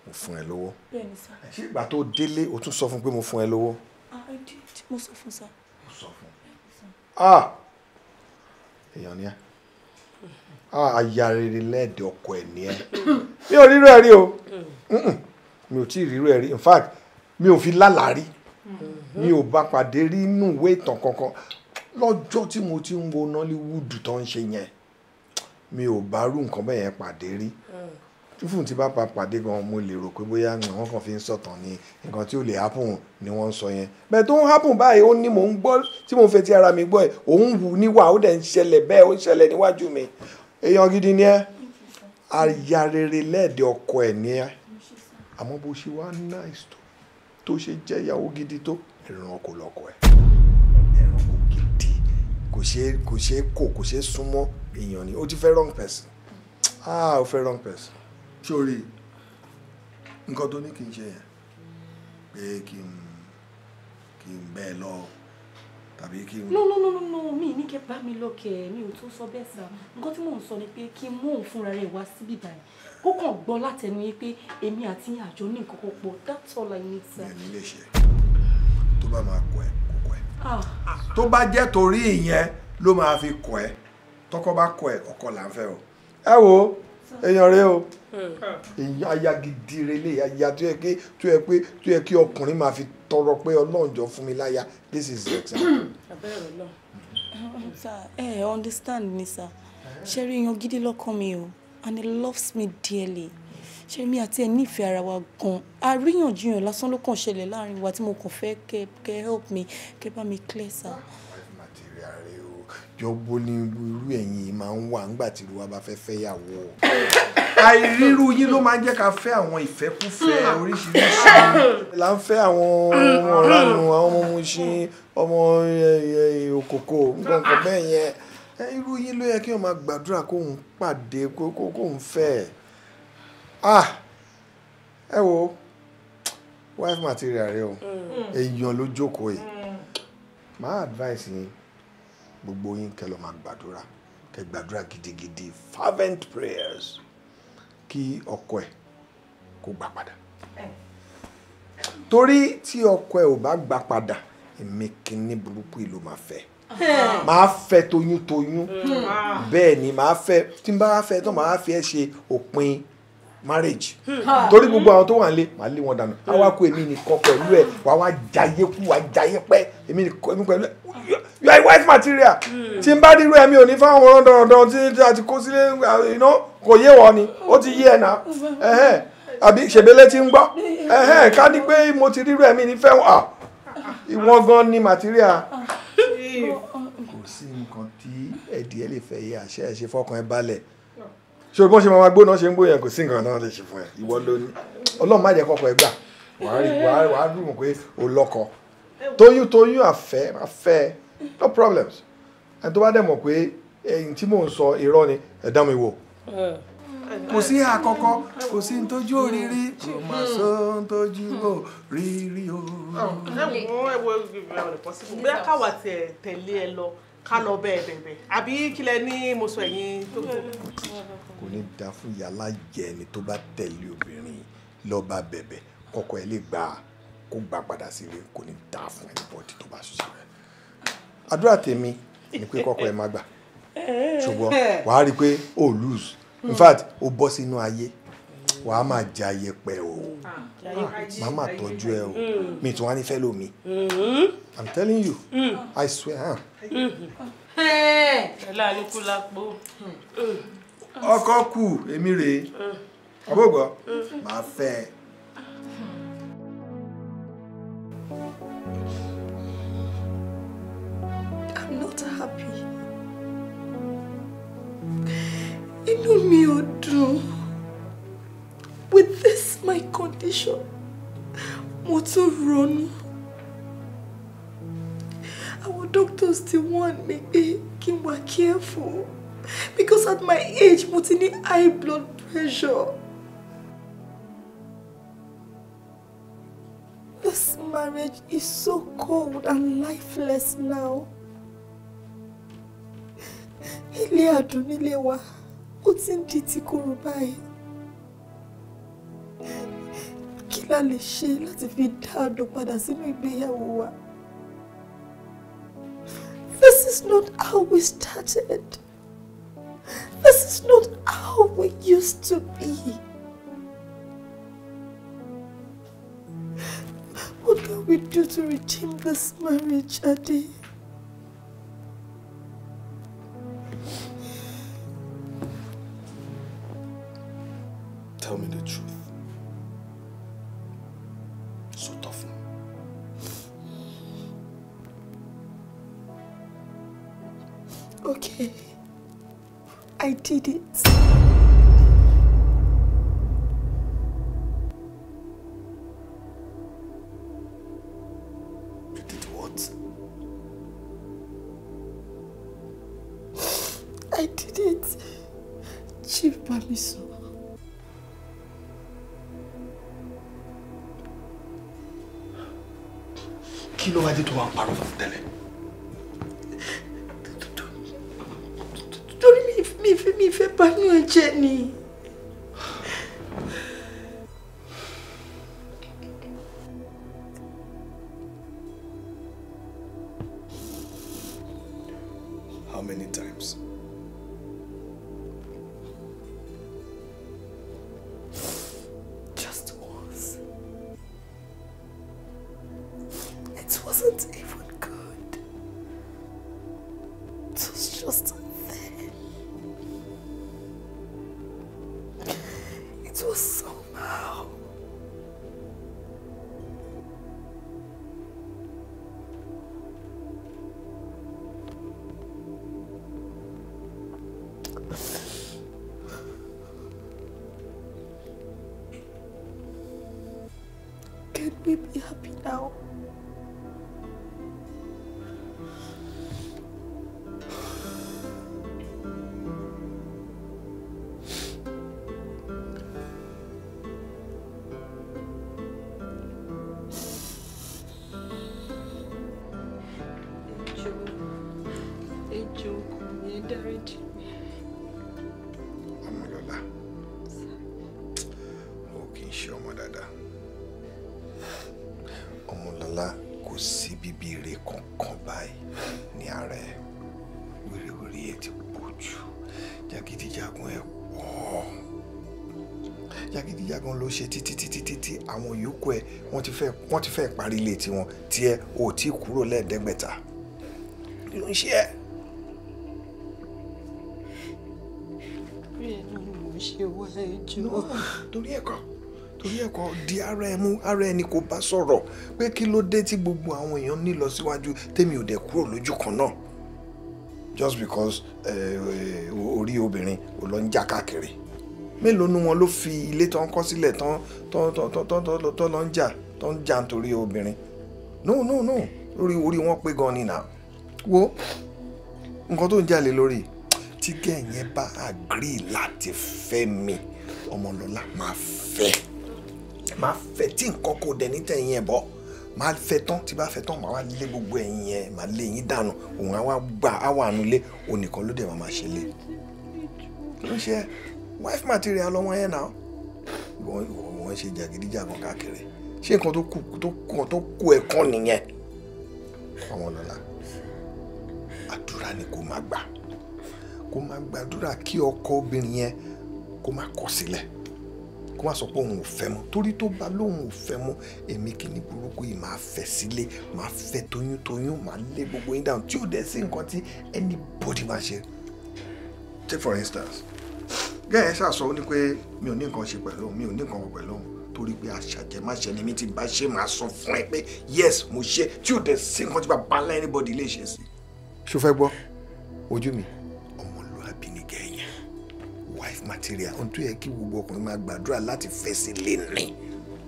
mo fún ẹ lówó ṣé ìgbà tó délé o tún sọ fún pé mo fún ẹ lówó. Ah, mo sọ fún sá. mo sọ fún ah! èèyàn ni ẹ ah, aya rere lẹ́ẹ̀dẹ̀ ọkọ ẹ̀ ni ẹ mi ò rírú ẹ rí o mi ò tí ì rírú ẹ rí in fact mi ò fi lálàá rí mm-hmm. mi ò bá pàdé rí inú ìwé ìtàn kankan lọ́jọ́ tí mo ti ń wo Nollywood tó ń ṣe yẹn mi ò bá rú nǹkan bẹ́ẹ̀ yẹn pàdé rí mm fún ti bá pa pàdé gan mo lè rò pé bóyá wọn kàn fi ń sọ̀tàn ni nǹkan tí ó lè happen ni wọ́n ń sọ yẹn bẹ́ẹ̀ tó ń happen báyìí ó ní mò ń gbọ́ tí mo fẹ́ ti ara mi gbọ́ ẹ̀ òun wù níwà ó dẹ̀ ń ṣẹlẹ̀ bẹ́ẹ̀ ó ń ṣẹlẹ̀ níwájú mi èèyàn gidi ni ẹ́ aya rere lẹ́ẹ̀dẹ̀ ọkọ ẹ̀ ni ẹ́ àmọ́ bó ṣe wá nice tó tó ṣe jẹ́ ìyàwó gidi tó ẹ̀ràn kò lọ́kọ ẹ̀ ẹ̀ràn kò gidi kò ṣe kò ṣe kò kò ṣe súnmọ́ èèyàn ni ó ti fẹ́ wrong person ah ó fẹ́ wrong person sórí nǹkan tó ní kì í ṣe yẹn pé kí n kí n bẹ́ẹ̀ lọ tàbí kí n. no no no no no mi ní kẹ bá mi lọ kẹ mi ò tún sọ bẹ́ẹ̀ sá nǹkan tí mò ń sọ ni pé kí n mú òun fúnra rẹ̀ wá síbí báyìí kó kàn gbọ́ látẹnu yín pé èmi àti àjọ ní nǹkan kan pọ̀ that's all I need sir. mi ò ní lè ṣe tó bá máa kọ ẹ kò kọ ẹ ah. tó bá jẹ́ torí ìyẹn ló máa fi kọ ẹ tọkọ bá kọ ẹ ọkọ là ń fẹ́ o ẹ wo èèyàn rẹ o èyí hmm. aya gidi relé tó yẹ pé tó yẹ pé tó yẹ kí ọkùnrin máa fi tọrọ pé ọlọ́run fún mi láya this is the example. Hmm. abẹ́rẹ́ oh, sir ẹ eh, understand me, sir ṣe rí yan gidi lọ́kàn mi o and he loves me dearly ṣe mi àti ẹ nífẹ̀ẹ́ ara wa gan àríyànjiyàn lásán ló kàn ṣẹlẹ̀ láàrin wa tí mo kàn fẹ́ kẹ́ help me kẹ́ bá mi clear sir jọ̀bọ ni irú ẹ̀yin máa ń wà ńgbà tí ìlú wa bá fẹ́ fẹ́ yàwó. àìrírú yín ló máa ń jẹ́ ká fẹ́ àwọn ìfẹ́kúfẹ́ oríṣiríṣi. là ń fẹ́ àwọn ọ̀ranù àwọn ọmọ musin ọmọ òkòkò nǹkan kan bẹ́ẹ̀ yẹn irú yín ló yẹ kí wọ́n máa gbàdúrà kóun pàdé kóun fẹ́ ah! ẹ wo wife material rẹ o mm. èèyàn ló jókòó yìí mm. máa advice yín gbogbo yín kẹlọ máa gbàdúrà kẹ gbàdúrà gidigidi fervent prayers kí ọkọ ẹ kó gbà padà torí tí ọkọ ẹ ò bá gbà padà èmi kìíní burúkú ìlú máa fẹ́ máa fẹ́ toyún toyún hmm. hmm. bẹ́ẹ̀ ni máa fẹ́ tí n bá fẹ́ tán máa fi ẹ ṣe òpin marriage hmm. torí gbogbo hmm. àwọn tó wà nílé màá lé wọn dànù àwa kó èmi nìkan pẹ̀lú ẹ̀ wà wá jayé kú wà jayé pẹ́ èmi nìkan pẹ̀lú ẹ̀ you are a wife material hmm. tí n bá dírú ẹ̀mí ò ní fáwọn ọ̀rọ̀ dandan tí a ti kó sílé kò yé wọ ni ó ti yé ẹ̀ náà àbí ṣèbélé ti ń gbọ́ ká ní pé mo ti rírú ẹ̀mí ní fẹ́wọ̀n ah, ìwọ̀n gan ni material kò sí nǹkan tí ẹ̀dí ẹ̀ lè fẹ́ yé àṣẹ ẹ̀ ṣe fọkàn ẹ̀ balẹ̀ ṣé o bọ́n ṣe máa gbóná ṣe ń gbóyè kò sí nǹkan náà lè ṣe fún ẹ ìwọ ló ní ọlọ́run má jẹ́ kọ́kọ́ ẹ gbà wàá dùn pé o lọ́kọ tóyún tóyún àfẹ́ àfẹ́ no problems ẹni tó bá dẹ̀ mọ̀ pé ẹ̀yìn tí mò ń sọ irọ́ ni ẹ̀dá mi wò kò sí àkọ́kọ́ kò sí ntójú òrírí kò má sọ ntójú òrírí o. ẹ wo ẹ wo ẹ possible bóyá káwa tẹ tẹ̀lé ẹ lọ ká lọ bẹ́ẹ̀ bẹ̀bẹ̀ àbí kílẹ̀ ní mo sọ ẹ̀yìn tó kù. kò ní da fún yàrá yẹ ni tó bá tẹ̀lé obìnrin lọ bá bẹ̀bẹ̀ kọ́kọ́ ẹ lè gbà kó gbà padà sílé kò ní da fún ẹnìbọ̀dì tó bá ṣiṣẹ́ rẹ̀. àdúrà tèmi ni pé kọ́kọ́ ẹ má gbà ṣùgbọ́n wàá rí i pé o lose in fact o bọ́ sínú ayé wàá máa jẹ ayẹpẹ o ah, ah, màá máa tọ́jú ẹ o mm. mi tún wá ní fẹ́ lómi mm-hmm. i'm telling you mm. i swear. Mm-hmm. ẹ̀la ọkọ kù èmi rèé ọgbọgbọ mm. mm. màá fẹ́ ẹ. decision mo tún ronú àwọn doctors still want me pé kí n careful because at my age mo ti high blood pressure. This marriage is so cold and lifeless now. Ilé àdùn nílé wa, ó ti ń di ti kúrú la lè ṣe láti fi padà sínú ìgbéyàwó wa. This is not how we started. This is not how we used to be. What can we do to redeem this marriage, Adi? wọ́n ti fẹ́ parí ilé tiwọn tiẹ̀ ò tí kúrò lẹ́ẹ̀ẹ́dẹ́gbẹ̀ta kí ló ẹ torí ẹ̀kọ́ torí ẹ̀kọ́ di ara ẹ mú ara ẹni kò bá sọ̀rọ̀ pé kí ló dé tí gbogbo àwọn èèyàn ní lọ síwájú tèmi ò dẹ̀ kúrò lójú kan náà just because eh, eh, orí obìnrin ò lọ ń já káàkiri mélòó nu wọn ló fi ilé tó kọ́ sílẹ̀ tán tán tán tán tán tán lọ ń jà tó ń jà nítorí obìnrin no no no lórí orí wọn pé gan ni nà wo nǹkan tó ń jalè lórí tí gẹ̀yìn bá àgírí láti fẹ́ mi ọmọlọ́lá máa fẹ́ máa fẹ́ tí nǹkan kò dẹ̀ ní tẹ̀yìn ẹ̀ bọ́ máa fẹ́ tán tí bá fẹ́ tán máa wá lé gbogbo ẹ̀yìn ẹ̀ máa lé yín dànù òun á wá gbà á wà nulẹ̀ onìkan ló dẹ̀ máa máa ṣe lé ló ń ṣe wife material ọmọ yẹn náà wọ́n ṣe jàgídíjàgan káàkiri ṣé nǹkan tó kù tó kù tó kù ẹ̀kọ́ nìyẹn àwọn ọlọ́lá àdúrà ni kó máa gbà kó máa gbàdúrà kí ọkọ obìnrin yẹn kó máa kọ̀ sílẹ̀ kó máa sọ pé òun ò fẹ́ mọ́ torí tó bá lóun ò fẹ́ mọ́ èmi kì ní burúkú yìí máa fẹ́ sílé máa fẹ́ toyúntoyún máa lé gbogbo yín dáhùn tí ò dẹ́ sí nǹkan tí anybody máa ṣe. take for instance gẹ́gẹ́ ṣàṣọ ó ní pé mi ò ní nǹkan ṣe pẹ̀lú òun mi ò ní nǹkan wọ̀ pẹ̀lú òun torí pé aṣàjẹmáṣe ni mi ti bá ṣe máa sọ fún ẹ pé yes mo ṣe tí ò dẹ̀ sí nǹkan tí bàbá ńlá anybody lè ṣe sí. ṣó fẹ́ gbọ́ ojú mi ọmọlúwàbí ni gẹ̀yìn wife material ohun tó yẹ kí gbogbo ọkùnrin máa gbàdúrà láti fẹ́ sí lè ní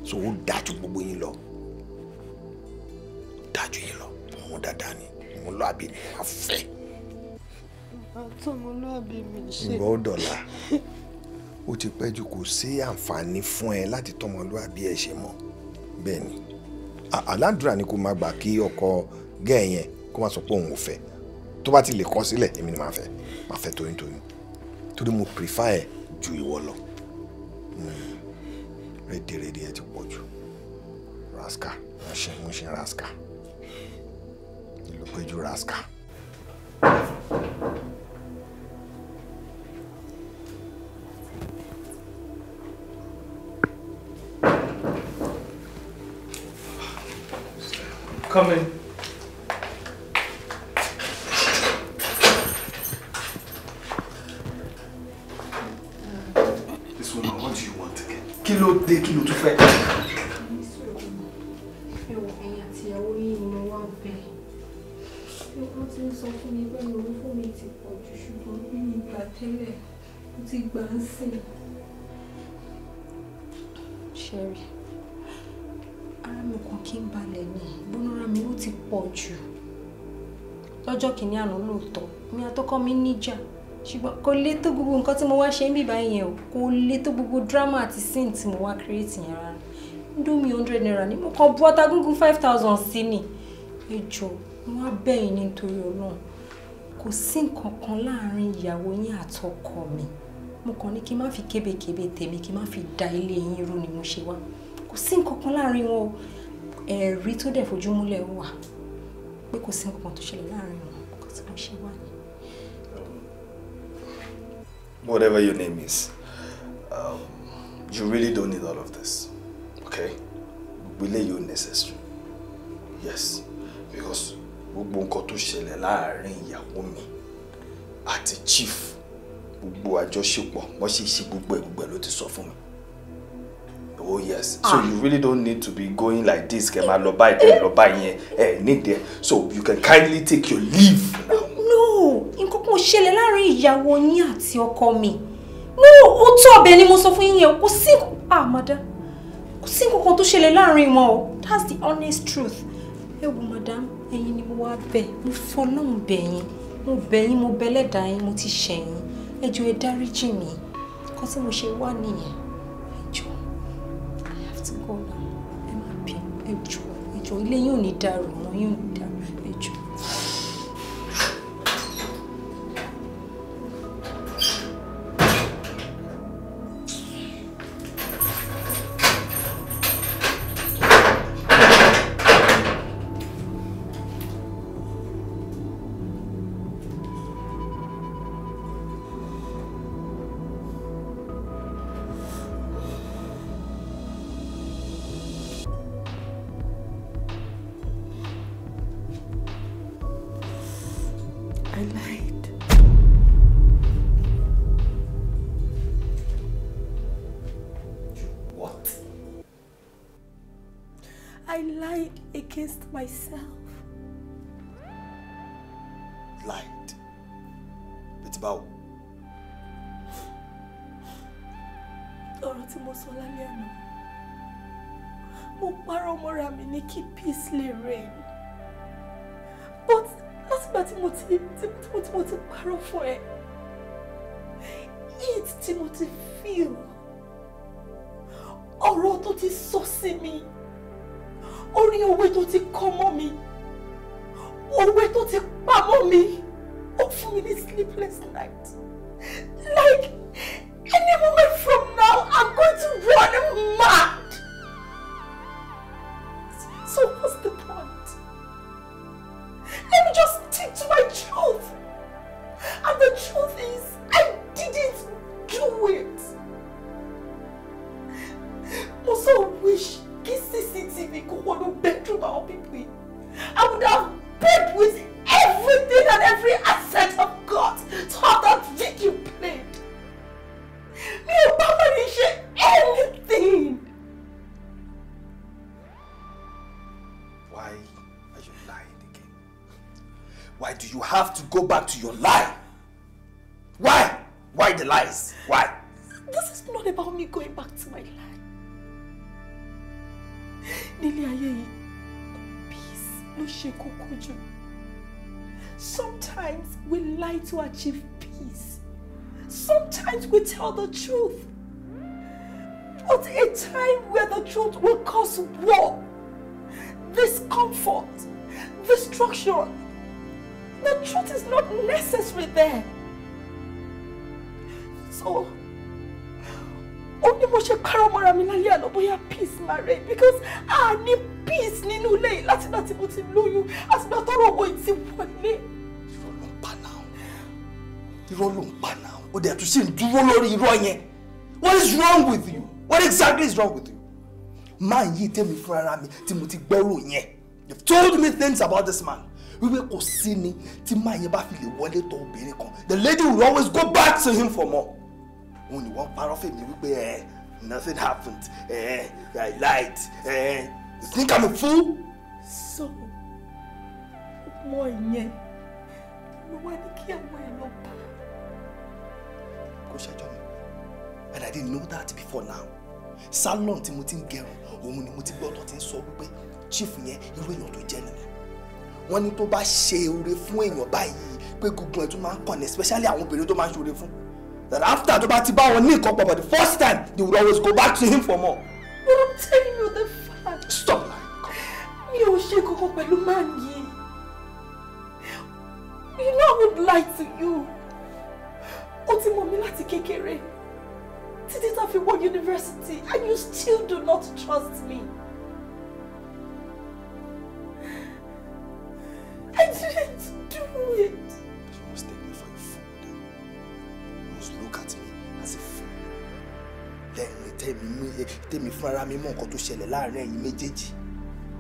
so ó dájú gbogbo yín lọ dájú yín lọ ọmọ dáadáa ni ọmọlúwàbí ni wọ́n fẹ́. àtọmọlúwàbí mi ṣe. ìgbọ́ dọ̀la. ó ti pẹ́ jù kò sí àǹfààní fún ẹ láti tọmọlúwàbí ẹ ṣe mọ́ bẹ́ẹ̀ ni aládùúrà ni kò máa gbà kí ọkọ gẹ́ẹ̀ yẹn kó má sọ pé òun ò fẹ́ tó bá ti lè kọ̀ sílẹ̀ èmi ni màá fẹ́ màá fẹ́ toyúntoyún torí mo prefer ẹ ju ìwọ lọ hmm. rédèrèdè ẹ ti pọ̀ jù raska mo ṣe mo ṣe raska ìlú péjú raska. Thank you. Come in. This woman, what do you want again? Kí ló dé, kí ló tún fẹ́. sọ fún mi pé owó fún mi ti pọ̀ jù ṣùgbọ́n bí mi gbà tẹ́lẹ̀ mo ti gbà ń sìn. Sherry ara mi kàn kí n balẹ̀ ni ìgbónára mi ó ti pọ̀ jù lọ́jọ́ kìíní àná lóòótọ́ mi àtọkọ mi níjà ṣùgbọ́n kò lè tó gbogbo nǹkan tí mo wá ṣe ń bìbá yẹn o kò lè tó gbogbo drama àti scene tí mo wá create yẹn rárá indomie hundred naira ni mo kàn bu ọta gúngún five thousand sí ni ẹ jọ̀ọ́ mo wá bẹ̀yìn nítorí ọlọ́run kò sí nǹkan kan láàrin ìyàwó yín àtọkọ mi mo kàn ní kí n má fi kébékébé tèmi kí n má fi da ilé yín rú ni mo ṣe wá sí nǹkan kan láàrin wọn o ẹ̀rí tó dẹ̀ fojú múlẹ̀ wà pé kò sí nǹkan kan tó ṣẹlẹ̀ láàrin wọn kò sí ṣe wà ní. Um, whatever your name is, um, you really don't need all of this, okay? Gbogbo eléyìí necessary, yes, because gbogbo nǹkan tó ṣẹlẹ̀ láàrin ìyàwó mi àti chief gbogbo àjọṣepọ̀ wọ́n sì ṣe gbogbo ẹ̀ gbogbo ẹ̀ ló ti sọ fún mi oh yes ah. so you really don't need to be going like this kema lo buy, then lo buy yẹn eh, need there so you can kindly take your leave now. Oh, no nǹkan kan ṣẹlẹ̀ láàrin ìyàwó yín àti ọkọ mi no ó tó ọbẹ̀ ni mo sọ fún yín yẹn kò sí ah madam kò sí nǹkan kan tó ṣẹlẹ̀ láàrin wọn o that's the honest truth ẹ wo madam ẹ̀yin ni mo wá bẹ̀ mo fọlọ́hún bẹ̀ yín mo bẹ̀ mo bẹ̀ lẹ́dàá yín mo ti ṣẹ̀yìn ẹ jọ̀ọ́ ẹ dáríjì mi nǹkan tí mo ṣe wá nìyẹn àti kọ́ọ̀lù ẹ má bí ẹ jọ ẹ jọ ilé yín ní dàrú ọmọ yín ní dàrú. myself. Lied. Bẹ́tí báwo? Ọ̀rọ̀ tí mo sọ lálẹ́ àná. Mo parọ́ mọ́ra mi ní But látìgbà tí It tí feel. Ọ̀rọ̀ tó ti orí òwe tó ti kọ́ me? mi òwe tó ti pa mọ́ mi me fún sleepless night like any moment from now I'm going to run mad so what's the point let me just stick to my truth and the truth is I didn't do it mo wish looking CCTV go on the bedroom our people. I would have paid with everything and every asset of God to have that you played. Me and Papa didn't share anything. Why are you lying again? Why do you have to go back to your lie? Why? Why the lies? Why? This is not about me going back to my life nílé peace No ṣe kókó sometimes we lie to achieve peace sometimes we tell the truth but a time where the truth will cause war discomfort destruction the truth is not necessary there so. ó ní mo ṣe kárọ́ mọ́ra mi lálẹ́ àná bóyá peace máa rẹ̀ because a ní peace nínú ilé yìí láti náà tí mo ti lóyún àti náà tọrọ owó yìí ti wọlé. irọ́ ló ń pa náà irọ́ ló ń pa náà ó dẹ̀ tún ṣe ń dúró lórí irọ́ yẹn what is wrong with you what exactly is wrong with you máa ń yí tèmi fúnra mi tí mo ti gbẹ́rù yẹn you have told me things about this man wípé kò sí ni tí máa yẹn bá fi lè wọlé tọ̀ obìnrin kan the lady will always go back to him for more. When òun ni wọ́n parọ́ fèmí wípé ẹ eh, nothing happened ẹ eh, I lied ẹ eh, you think I'm a fool. so more ìyẹn ló wá ní kí àwọn ẹ lọ bá. Johnny, and I didn't know that before now salon tí girl, woman ń gẹrun òun so mo ti gbọ́dọ̀ chief yẹn irú èèyàn tó jẹ́ nìyẹn wọ́n ní tó bá ṣe oore fún èèyàn báyìí pé gbogbo ẹ̀ tún máa ń kàn ní especially àwọn obìnrin tó máa ń ṣoore fún that after tó bá ti bá wọn the first time they would always go back to him for more. but i'm telling you the fact. stop lying. mi ò ṣe kankan pẹ̀lú man yìí you know i would lie to you ó ti mọ̀ mi láti kékeré títí tá fi wọ university and you still do not trust me. I didn't do it. look at me as if. Then he tell fool lẹ́yìn tèmi tèmi fúnra mi mọ nǹkan tó ṣẹlẹ̀ láàrin ẹ̀yin méjèèjì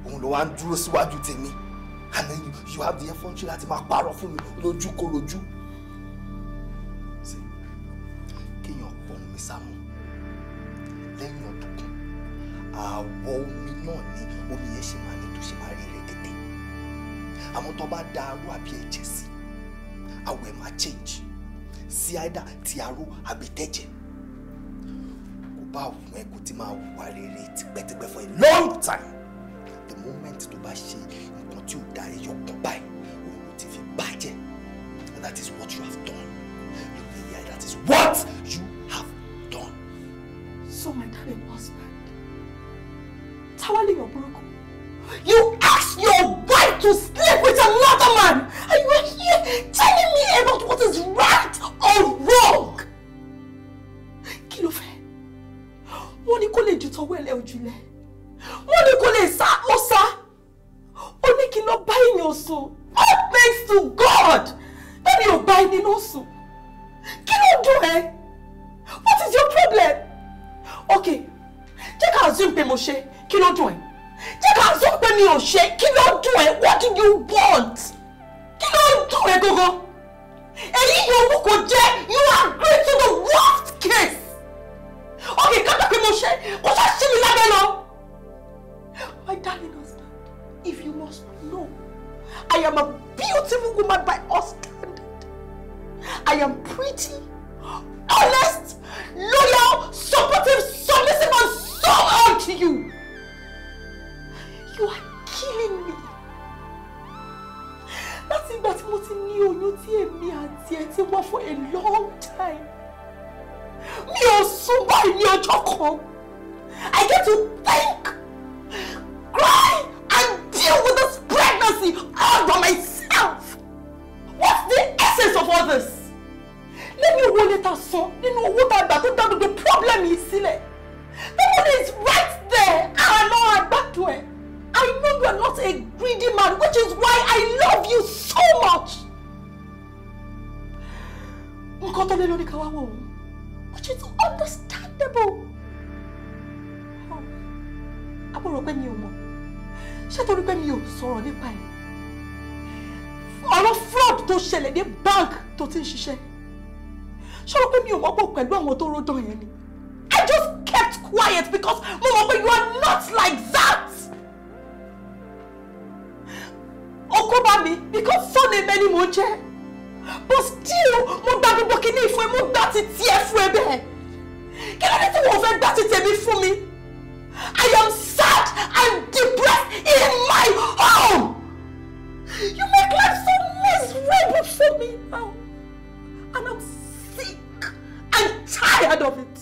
òun ló wá ń dúró síwájú tèmi and then you, you have the effrontery láti máa parọ́ fún mi lójú kó lójú. kéèyàn pọ̀ mi sámú lẹ́yìn ọdún kan àwọ̀ omi náà ni omi yẹn ṣe máa ní tó ṣe máa rí rẹ̀ tètè àmọ́ tó bá da arú àbí ẹ̀jẹ̀ sí àwọ̀ ẹ̀ máa change sí àìdá ti aró àbí tẹ̀jẹ̀ kò bá wù ẹ́ kó ti máa wà rere tipẹ́tipẹ́ for a long time the moment tó bá ṣe nǹkan tí ò dá ẹyọ kan báyìí òun ti fi bàjẹ́ and that is what you have done look at here that is what you have done. so my darling husband tawale your burúkú you ask your wife to sleep with another man and you are here telling me about what is right or wrong. Kí ló fẹ́? Wọ́n ní kó lè ju tọwọ́ ẹlẹ́ ojúlẹ̀. Wọ́n ní kó lè sá ó sá. Ó ní kí lọ bá èèyàn sùn. All thanks to God! Bẹ́ẹ̀ni ò bá ẹni náà sùn. Kí ló dùn ẹ́? What is your problem? Okay, jẹ́ ká assume pé mo ṣe kí ló dùn ẹ́? jẹ́ ká sọ pé mi ò ṣe kí ló dùn ẹ́ what do you want kí ló dùn ẹ́ gógó èyí yòówù kò jẹ́ you are agree to the worst case okay kátà pé mo ṣe kò ṣe ṣí mi lábẹ́ lọ. my darling husband if you must know I am a beautiful woman by all standard I am pretty honest loyal supportive submissive and so on to you. You are killing me. Láti ìgbà tí mo ti ní oyún tí èmi àti ẹ ti wá for a long time. Mi ò sùn báyìí ní ọjọ́ kan. I get to think, cry and deal with this pregnancy all by myself. What's the essence of all this? Let Lẹ́mi owó lẹ́ta san nínú owó tàgbà tó dá gbogbo problem yìí sílẹ̀. The money is right there. I know Àlọ́ àgbàdo it. I know you are not a greedy man, which is why I love you so much. Nǹkan tó lé lórí káwá wò ó, which is understandable. Àbúrò pé mi ò mọ̀, ṣé torí pé mi ò sọ̀rọ̀ nípa ẹ̀? Ọ̀rọ̀ fraud tó ṣẹlẹ̀ ní bank tó ti ń ṣiṣẹ́. Ṣọ́rọ́ pé mi ò I just kept quiet because Mama, you are not like that. ó bá mi because son ebe ni mo jẹ́ but still mo gba gbogbo kíní ìfún ẹ mo gba títí ẹ fún ẹ bẹ́ẹ̀ kí ló dé tí wọ́n fẹ́ gba títí ẹbí fún mi I am sad and depressed in my home you make life so miserable for me now and I'm sick and tired of it.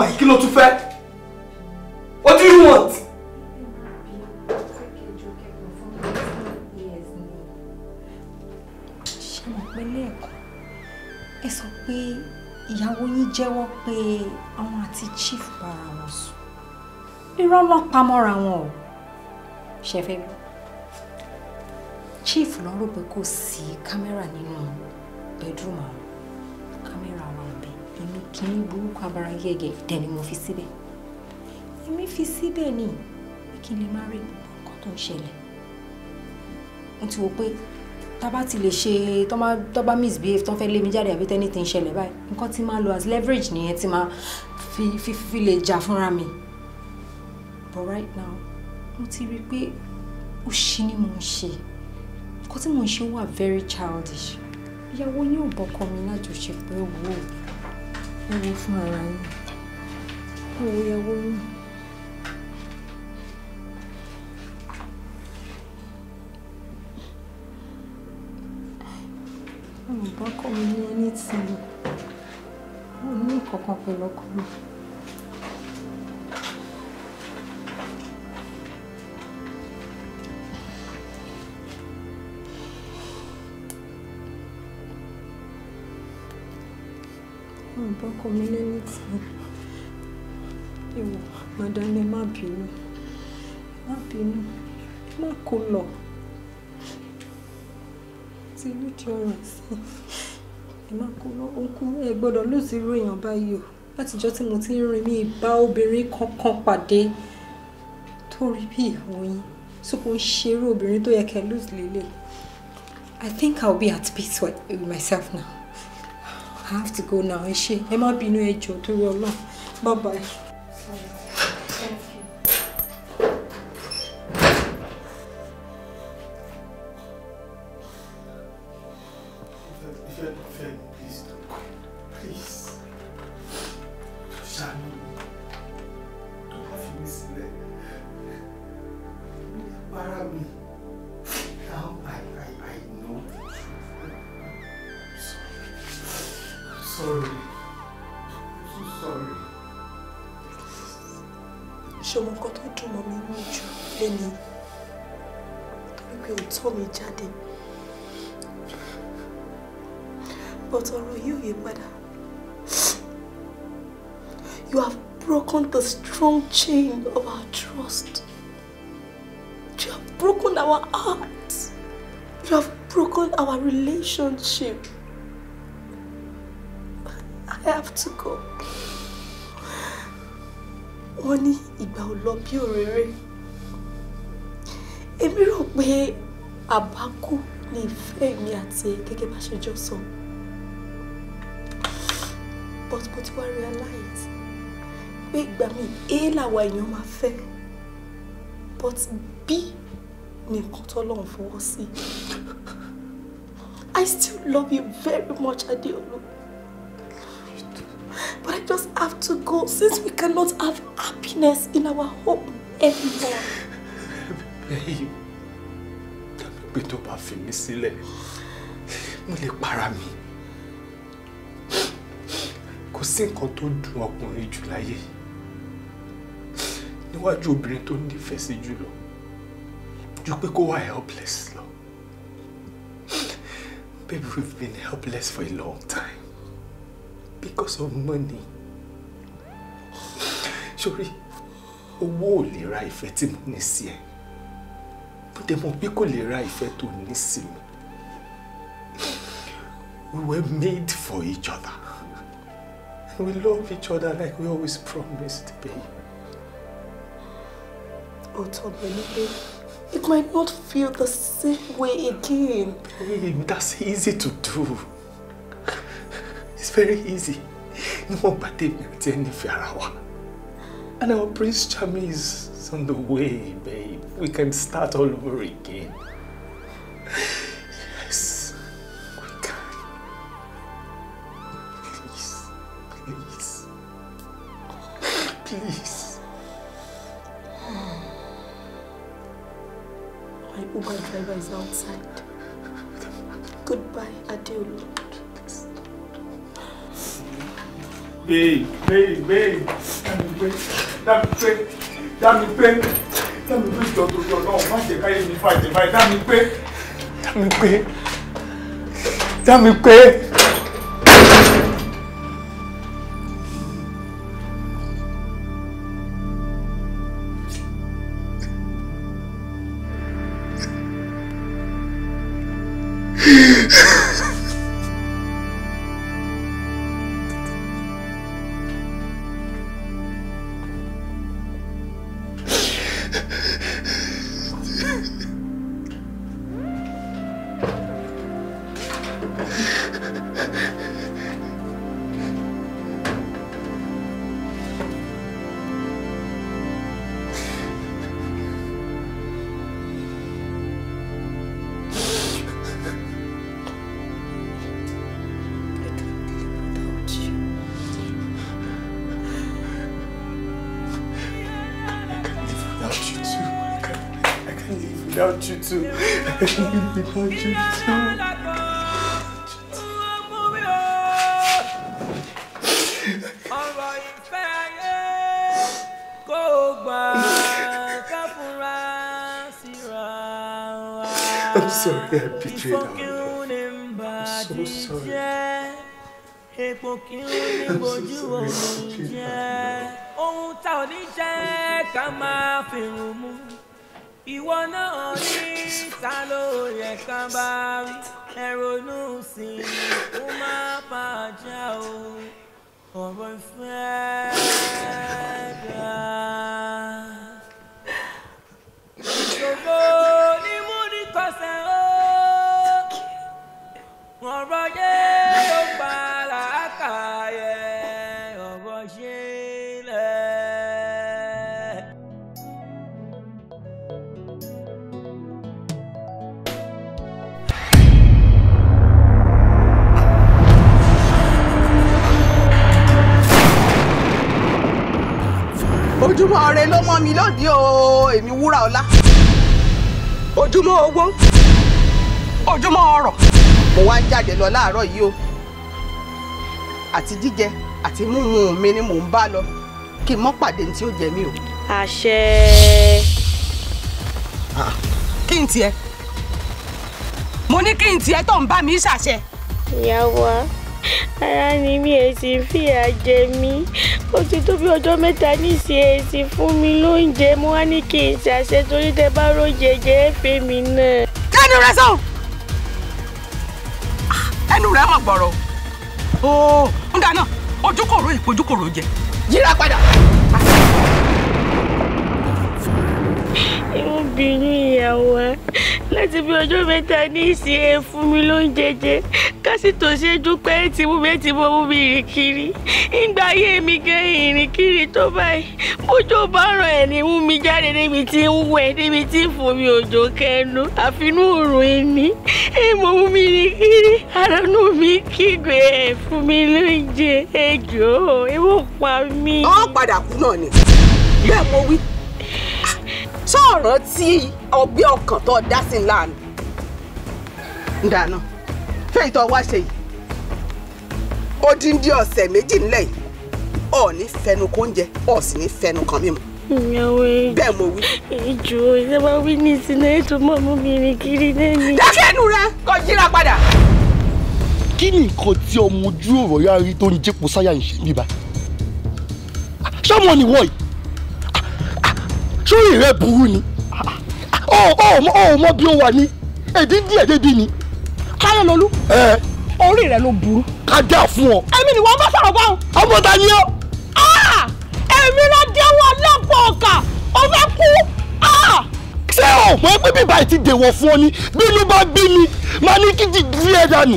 woman yìí kí ló tún fẹ́ what do you want. ṣé mo pé lẹ́ẹ̀kan ẹ sọ pé ìyàwó yín jẹ́wọ́ pé àwọn àti chief bára wọn sùn irọ́ náà pa mọ́ra wọn o ṣe fẹ́ gbọ́ chief ló ń rò pé kò sí kámẹ́rà nínú bedroom àwọn kìíní burúkú abara yẹ̀gẹ̀ dẹni mo fi síbẹ̀ èmi fi síbẹ̀ ni kí n lè rí gbogbo nǹkan tó ń ṣẹlẹ̀ n ti wo pé tá ti lè ṣe tó misbehave tó ń fẹ́ lé mi jáde àbí tẹ́ni ti ń ṣẹlẹ̀ báyìí nǹkan tí máa lo as leverage nìyẹn tí máa fi fi fi jà fúnra mi but right now mo ti rí i pé ó ṣí ni mò ń ṣe nǹkan tí mò ń ṣe wà very childish ìyàwó yín ò bọ́kọ mi lájọṣepọ̀ ẹ̀ wò ẹ fún ara yín ẹ wo ìyàwó yín. olùbọ́kọ̀ mi ní ẹni tí mo ní ìkọ̀kan pẹ̀lú ọkọ ọkọ mi nínú tí ìwọ madam ẹ má bínú má bínú ẹ má kó lọ ti ní di ọ̀rọ̀ sí ẹ má kó lọ okun ẹ gbọ́dọ̀ ló ti rú èèyàn báyìí o látijọ́ tí mo ti ń rin mi bá obìnrin kankan pàdé tó rí bí ìyàwó yín so kò ń ṣerú obìnrin tó yẹ kẹ́ lose lélẹ̀ I think I will be at peace with myself now. I have to go now ẹ ṣé ẹ má bínú ẹ jọ̀ọ́ torí Ọlọ́run bye bye. relationship. I have to go. Wọ́n ní ìgbà ò lọ bí òréré. Èmi rò pé àbákú ni ìfẹ́ mi àti gẹ́gẹ́ bá ṣe jọ sọ. But mo ti wá realize pé ìgbà mi A làwọn èèyàn máa fẹ́ but B ni nǹkan tó lọ́n fọwọ́ sí. I still love you very much, Adeolu. But I just have to go since we cannot have happiness in our home anymore. Babe, pé tó bá fi mí sílẹ̀, mo lè para mi. Kò sí nǹkan tó dùn ọkùnrin jù láyé. Níwájú obìnrin tó nífẹ̀ẹ́ sí jùlọ, ju pé kó wà helpless lọ. Baby, we've been helpless for a long time because of money. Ṣorí, owó ò lè ra ìfẹ́ tí mo ní sí ẹ. Mo dẹ̀ mọ̀ pé kò ra ìfẹ́ tó ní sí mi. We were made for each other. And we love each other like we always promised, babe. Ọ̀tọ̀ pẹ̀lú babe. It might not feel the same way again. Babe, that's easy to do. It's very easy. No one but Farawa. And our Prince Charming is on the way, babe. We can start all over again. me o quê? ojúmọ́ owó ojúmọ́ ọrọ̀. mo wá ń jáde lọ láàárọ̀ yìí o àti jíjẹ àti mímu mi ni mò ń bá lọ kí n mọ́ pàdé tí ó jẹ mí o. àṣẹ. kí n tiẹ̀ mo ní kí n tiẹ̀ tó ń bá mi ṣàṣẹ. ìyá ara ni mi ò sì fìyà jẹ mí ó ti tó bí ọjọ́ mẹ́ta níṣe èsì fún mi lóúnjẹ mo wá ní kí n ṣàṣẹ torí tẹ bá róúnjẹ jẹ ẹ fẹ́ mi náà. kẹ́nu rẹ sọ ah, ẹnu rẹ hàn gbọ̀rọ̀ o ń dáná ojúkòrò ìpojúkòrò jẹ yíra padà. ìmúbìnú ìyàwó ẹ láti bí ọjọ́ mẹ́ta ní ìsìn fún mi lóúnjẹ jẹ kásìtò ṣe dúpẹ́ tí mú mi tí mo mú mi rìn kiri ìgbà ayé mi gan ìrìn tó báyìí bójú bá ràn ẹ̀ ní mú mi jáde níbi tí ń wẹ̀ níbi tí ń fomi òjò kẹnu àfinú òrùn ẹni èèmọ̀ mú mi rìn àránú mi kígbe ẹ̀ fún mi lóúnjẹ ẹjọ́ ewu pa mí. ọ padà kú náà ni bẹ́ẹ̀ mo wí sọ̀rọ̀ tí ọgbẹ́ ọkàn tó dá sí ńlá dáná fẹ́ ìtọ́ wá ṣe yìí ó dín dín ọ̀sẹ̀ méjì ńlẹ̀ yìí ọ̀ ní fẹnu kó ń jẹ ọ̀ sì ní fẹnu kan mímu. ìyàwó bẹ́ẹ̀ mo wí. ìjò ìjọba wí ní ìsinmi ètò mọ́ mú mi rìn kiri lẹ́nu. dákẹ́nu rẹ kò jíra padà. kí ni nǹkan tí ọmọ ojú ọ̀rọ̀ yára rí tó ń jẹ́pọ̀ sáyà ń ṣe mí bá ṣọ́mọ ni wọ́ọ̀yì ṣóyè rẹ burú ni ọ̀ ọ̀ mọ̀ bí ó wà ní èdè díẹ̀ débi ni káyọ̀ lolú. ẹ orí rẹ ló burú. ká dá fún ọ. èmi ni wọn bá sọ̀rọ̀ báwọn. ọmọ ta ni ọ. èmi ló jẹ́wọ́ lápò ọkà ó fẹ́ kú. ṣé o mọ̀ pé bíbá yìí ti dèwọ̀ fún ọ ni bínú bá bí mi máa ní kí ti di ẹ̀ dànù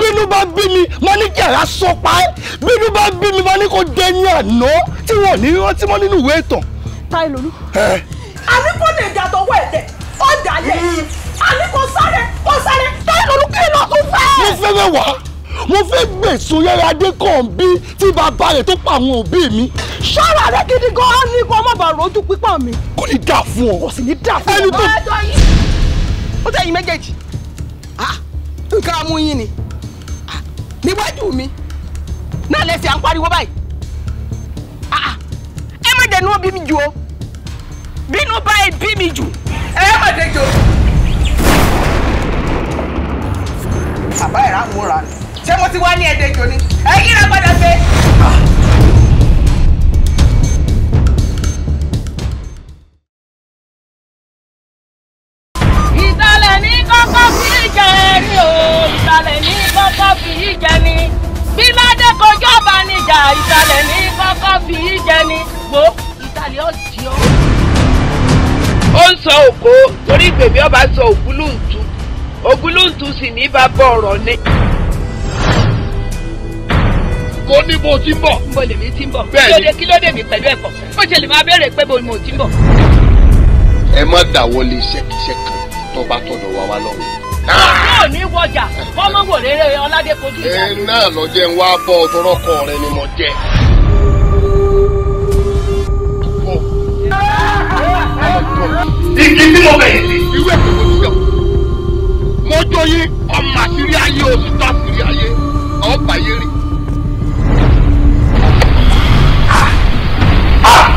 bínú bá bí mi máa ní kí ẹ̀rá sọ pa ẹ́ bínú bá bí mi máa ní kó dẹni àná tí wọn ò ní rántí mọ́ nínú ìwé ìtàn. táyé lolú. àbí kò lè dàtọ̀ wẹ̀ dẹ̀ ọ̀dà lẹ̀ àní kò sáré kò sáré táyà lọ́dún kí lọ tó fẹ́. mo fẹ́ mẹ́wàá mo fẹ́ gbèsò yẹra adékọ̀ọ́bí tí bàbá rẹ̀ tó pa àwọn òbí mi. ṣọ́ra rẹ gidi gan-an ni kó má bàa rojú pípọ̀ mi. kò ní dà fún ọ. kò sì ní dà fún ọ. ẹni tó. ó tẹ ẹ̀yin méjèèjì nǹkan amúyín ni níwájú mi náà lẹsẹ̀ à ń pariwo báyìí ẹ má dẹnu bí mi jù o bínú báyìí bí mi jù ẹ má dẹjọ́. bàbá ẹ̀ ráhùn rà ní. ṣé mo ti wá ní ẹ̀ẹ́dẹ́jọ ni ẹ yíra padà gbé. ìsàlẹ̀ ní kọ́kọ́ fi ìjẹ ẹni o ìsàlẹ̀ ní kọ́kọ́ fi ìjẹ ni bí ládé kojú ọba níjà ní kọ́kọ́ fi ìjẹ ni gbó ìsàlẹ̀ ọ̀sìn ó ń sọ òkó torí bèbí ọba sọ òkú lóǹtù ogun ló ń tún sí ní ni. mo ní mo ti ń bọ̀. mo lè mi ti ń bọ̀. bẹ́ẹ̀ ni kí ló dé mi pẹ̀lú ẹ̀kọ́ ó ṣe lè máa béèrè pé mo ni mo ti ń bọ̀. ẹ má dáwọ́lé iṣẹ́kíṣẹ́ kan tó bá tọ̀dọ̀ wá wá lọ́wọ́. yóò ní wọjà kọ́mọ rere ọládé ẹ náà lọ jẹ́ ń wá bọ́ ọtọ́rọ́kọ rẹ ni mo jẹ́. igi tí mo bẹ̀rẹ̀ sí. ìwé ìwé mọ́jọ́ yín ọmọ àṣírí ayé oṣù tó àṣírí ayé ọ̀ọ́bà yé rí. Ah! Ah!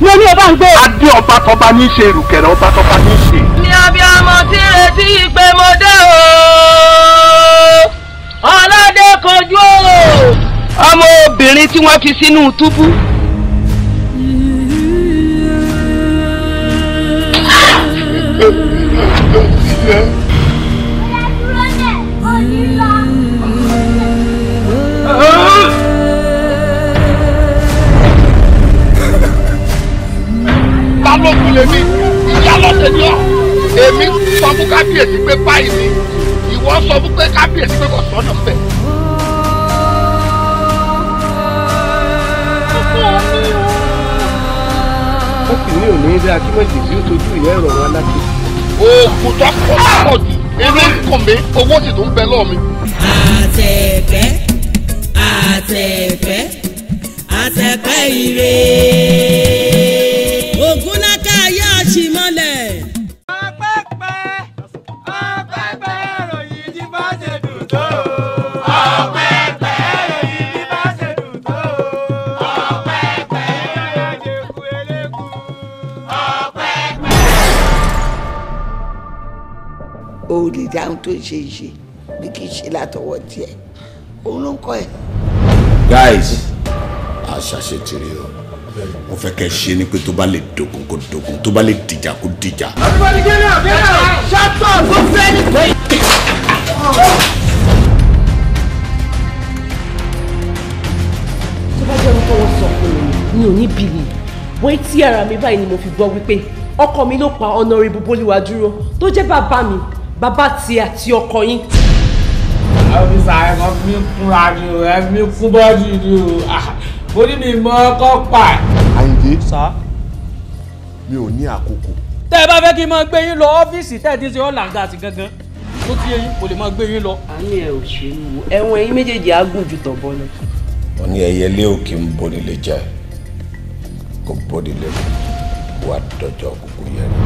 ní oní ọba ń gbé. adé ọba tọba ní í ṣe ìrùkẹ̀rẹ̀ ọba tọba ní í ṣe. ní abiyamọ tí retí pé mo dé o ọlọ́dẹ kojú o ọmọ obìnrin tí wọ́n fi sínú túbú. Yeah. ológun lèmi ìyálọ́dẹ ni ọ́ èmi sọ fún kábíyèsí pé báyìí ni ìwọ sọ fún pé kábíyèsí pé kò sọ́nà bẹ́ẹ̀. wọ́n sì ní ilé akímọ̀jì tí ó tojú ìyá ẹ̀rọ wọn aláṣẹ. oògùn tó pọ̀ pọ̀ jù eré ń kàn mí owó sì tó ń bẹ lọ́ọ̀ mi. àtẹ̀pẹ́ àtẹ̀pẹ́ àtẹ̀pẹ́ ire. lè dá ohun tó ń ṣe ìṣe bí kì í ṣe látọwọ́ tiẹ̀ òun ló ń kọ́ ẹ̀. guys àṣàṣe tìrì o mo fẹ́ kẹ́ ẹ ṣe ni pé tó bá lè dogun kó dogun tó bá lè dìjà kó dìjà. everybody get out get out shut up go fẹ́ ní pé. tó bá jẹ́ ohun tó wọ́n sọ fún mi mi ò ní bìlì wọ́n tí ara mi báyìí ni mo fi gbọ́ wípé ọkọ mi ló pa Honorable Bólúwadúró tó jẹ́ bàbá mi bàbá tiẹ̀ àti ọkọ yín. ọ́fíìsà ẹ̀kọ́ mi kúnra ni o ẹ̀mí kún bọ́ọ̀dì ni o mo ah, ní mi mọ ọkọ pa. Àyìndé mi ò ní àkókò. tẹ́ ẹ bá fẹ́ kí n máa gbé yín lọ ọ́fíìsì tẹ́ ẹ ti ṣe ọ́ làǹgàtì gangan tó ti yẹ yín kò lè máa gbé yín lọ. a ní ẹ ò ṣe é wò ẹ̀wọ̀n ẹ̀yin méjèèjì á gùn ju tọ̀bọ lọ. wọ́n ní ẹyẹ ilé òkè ń bọ́ni lè jẹ́ kó bọ́ni lè wà dọ́jọ́ gbogbo yẹn.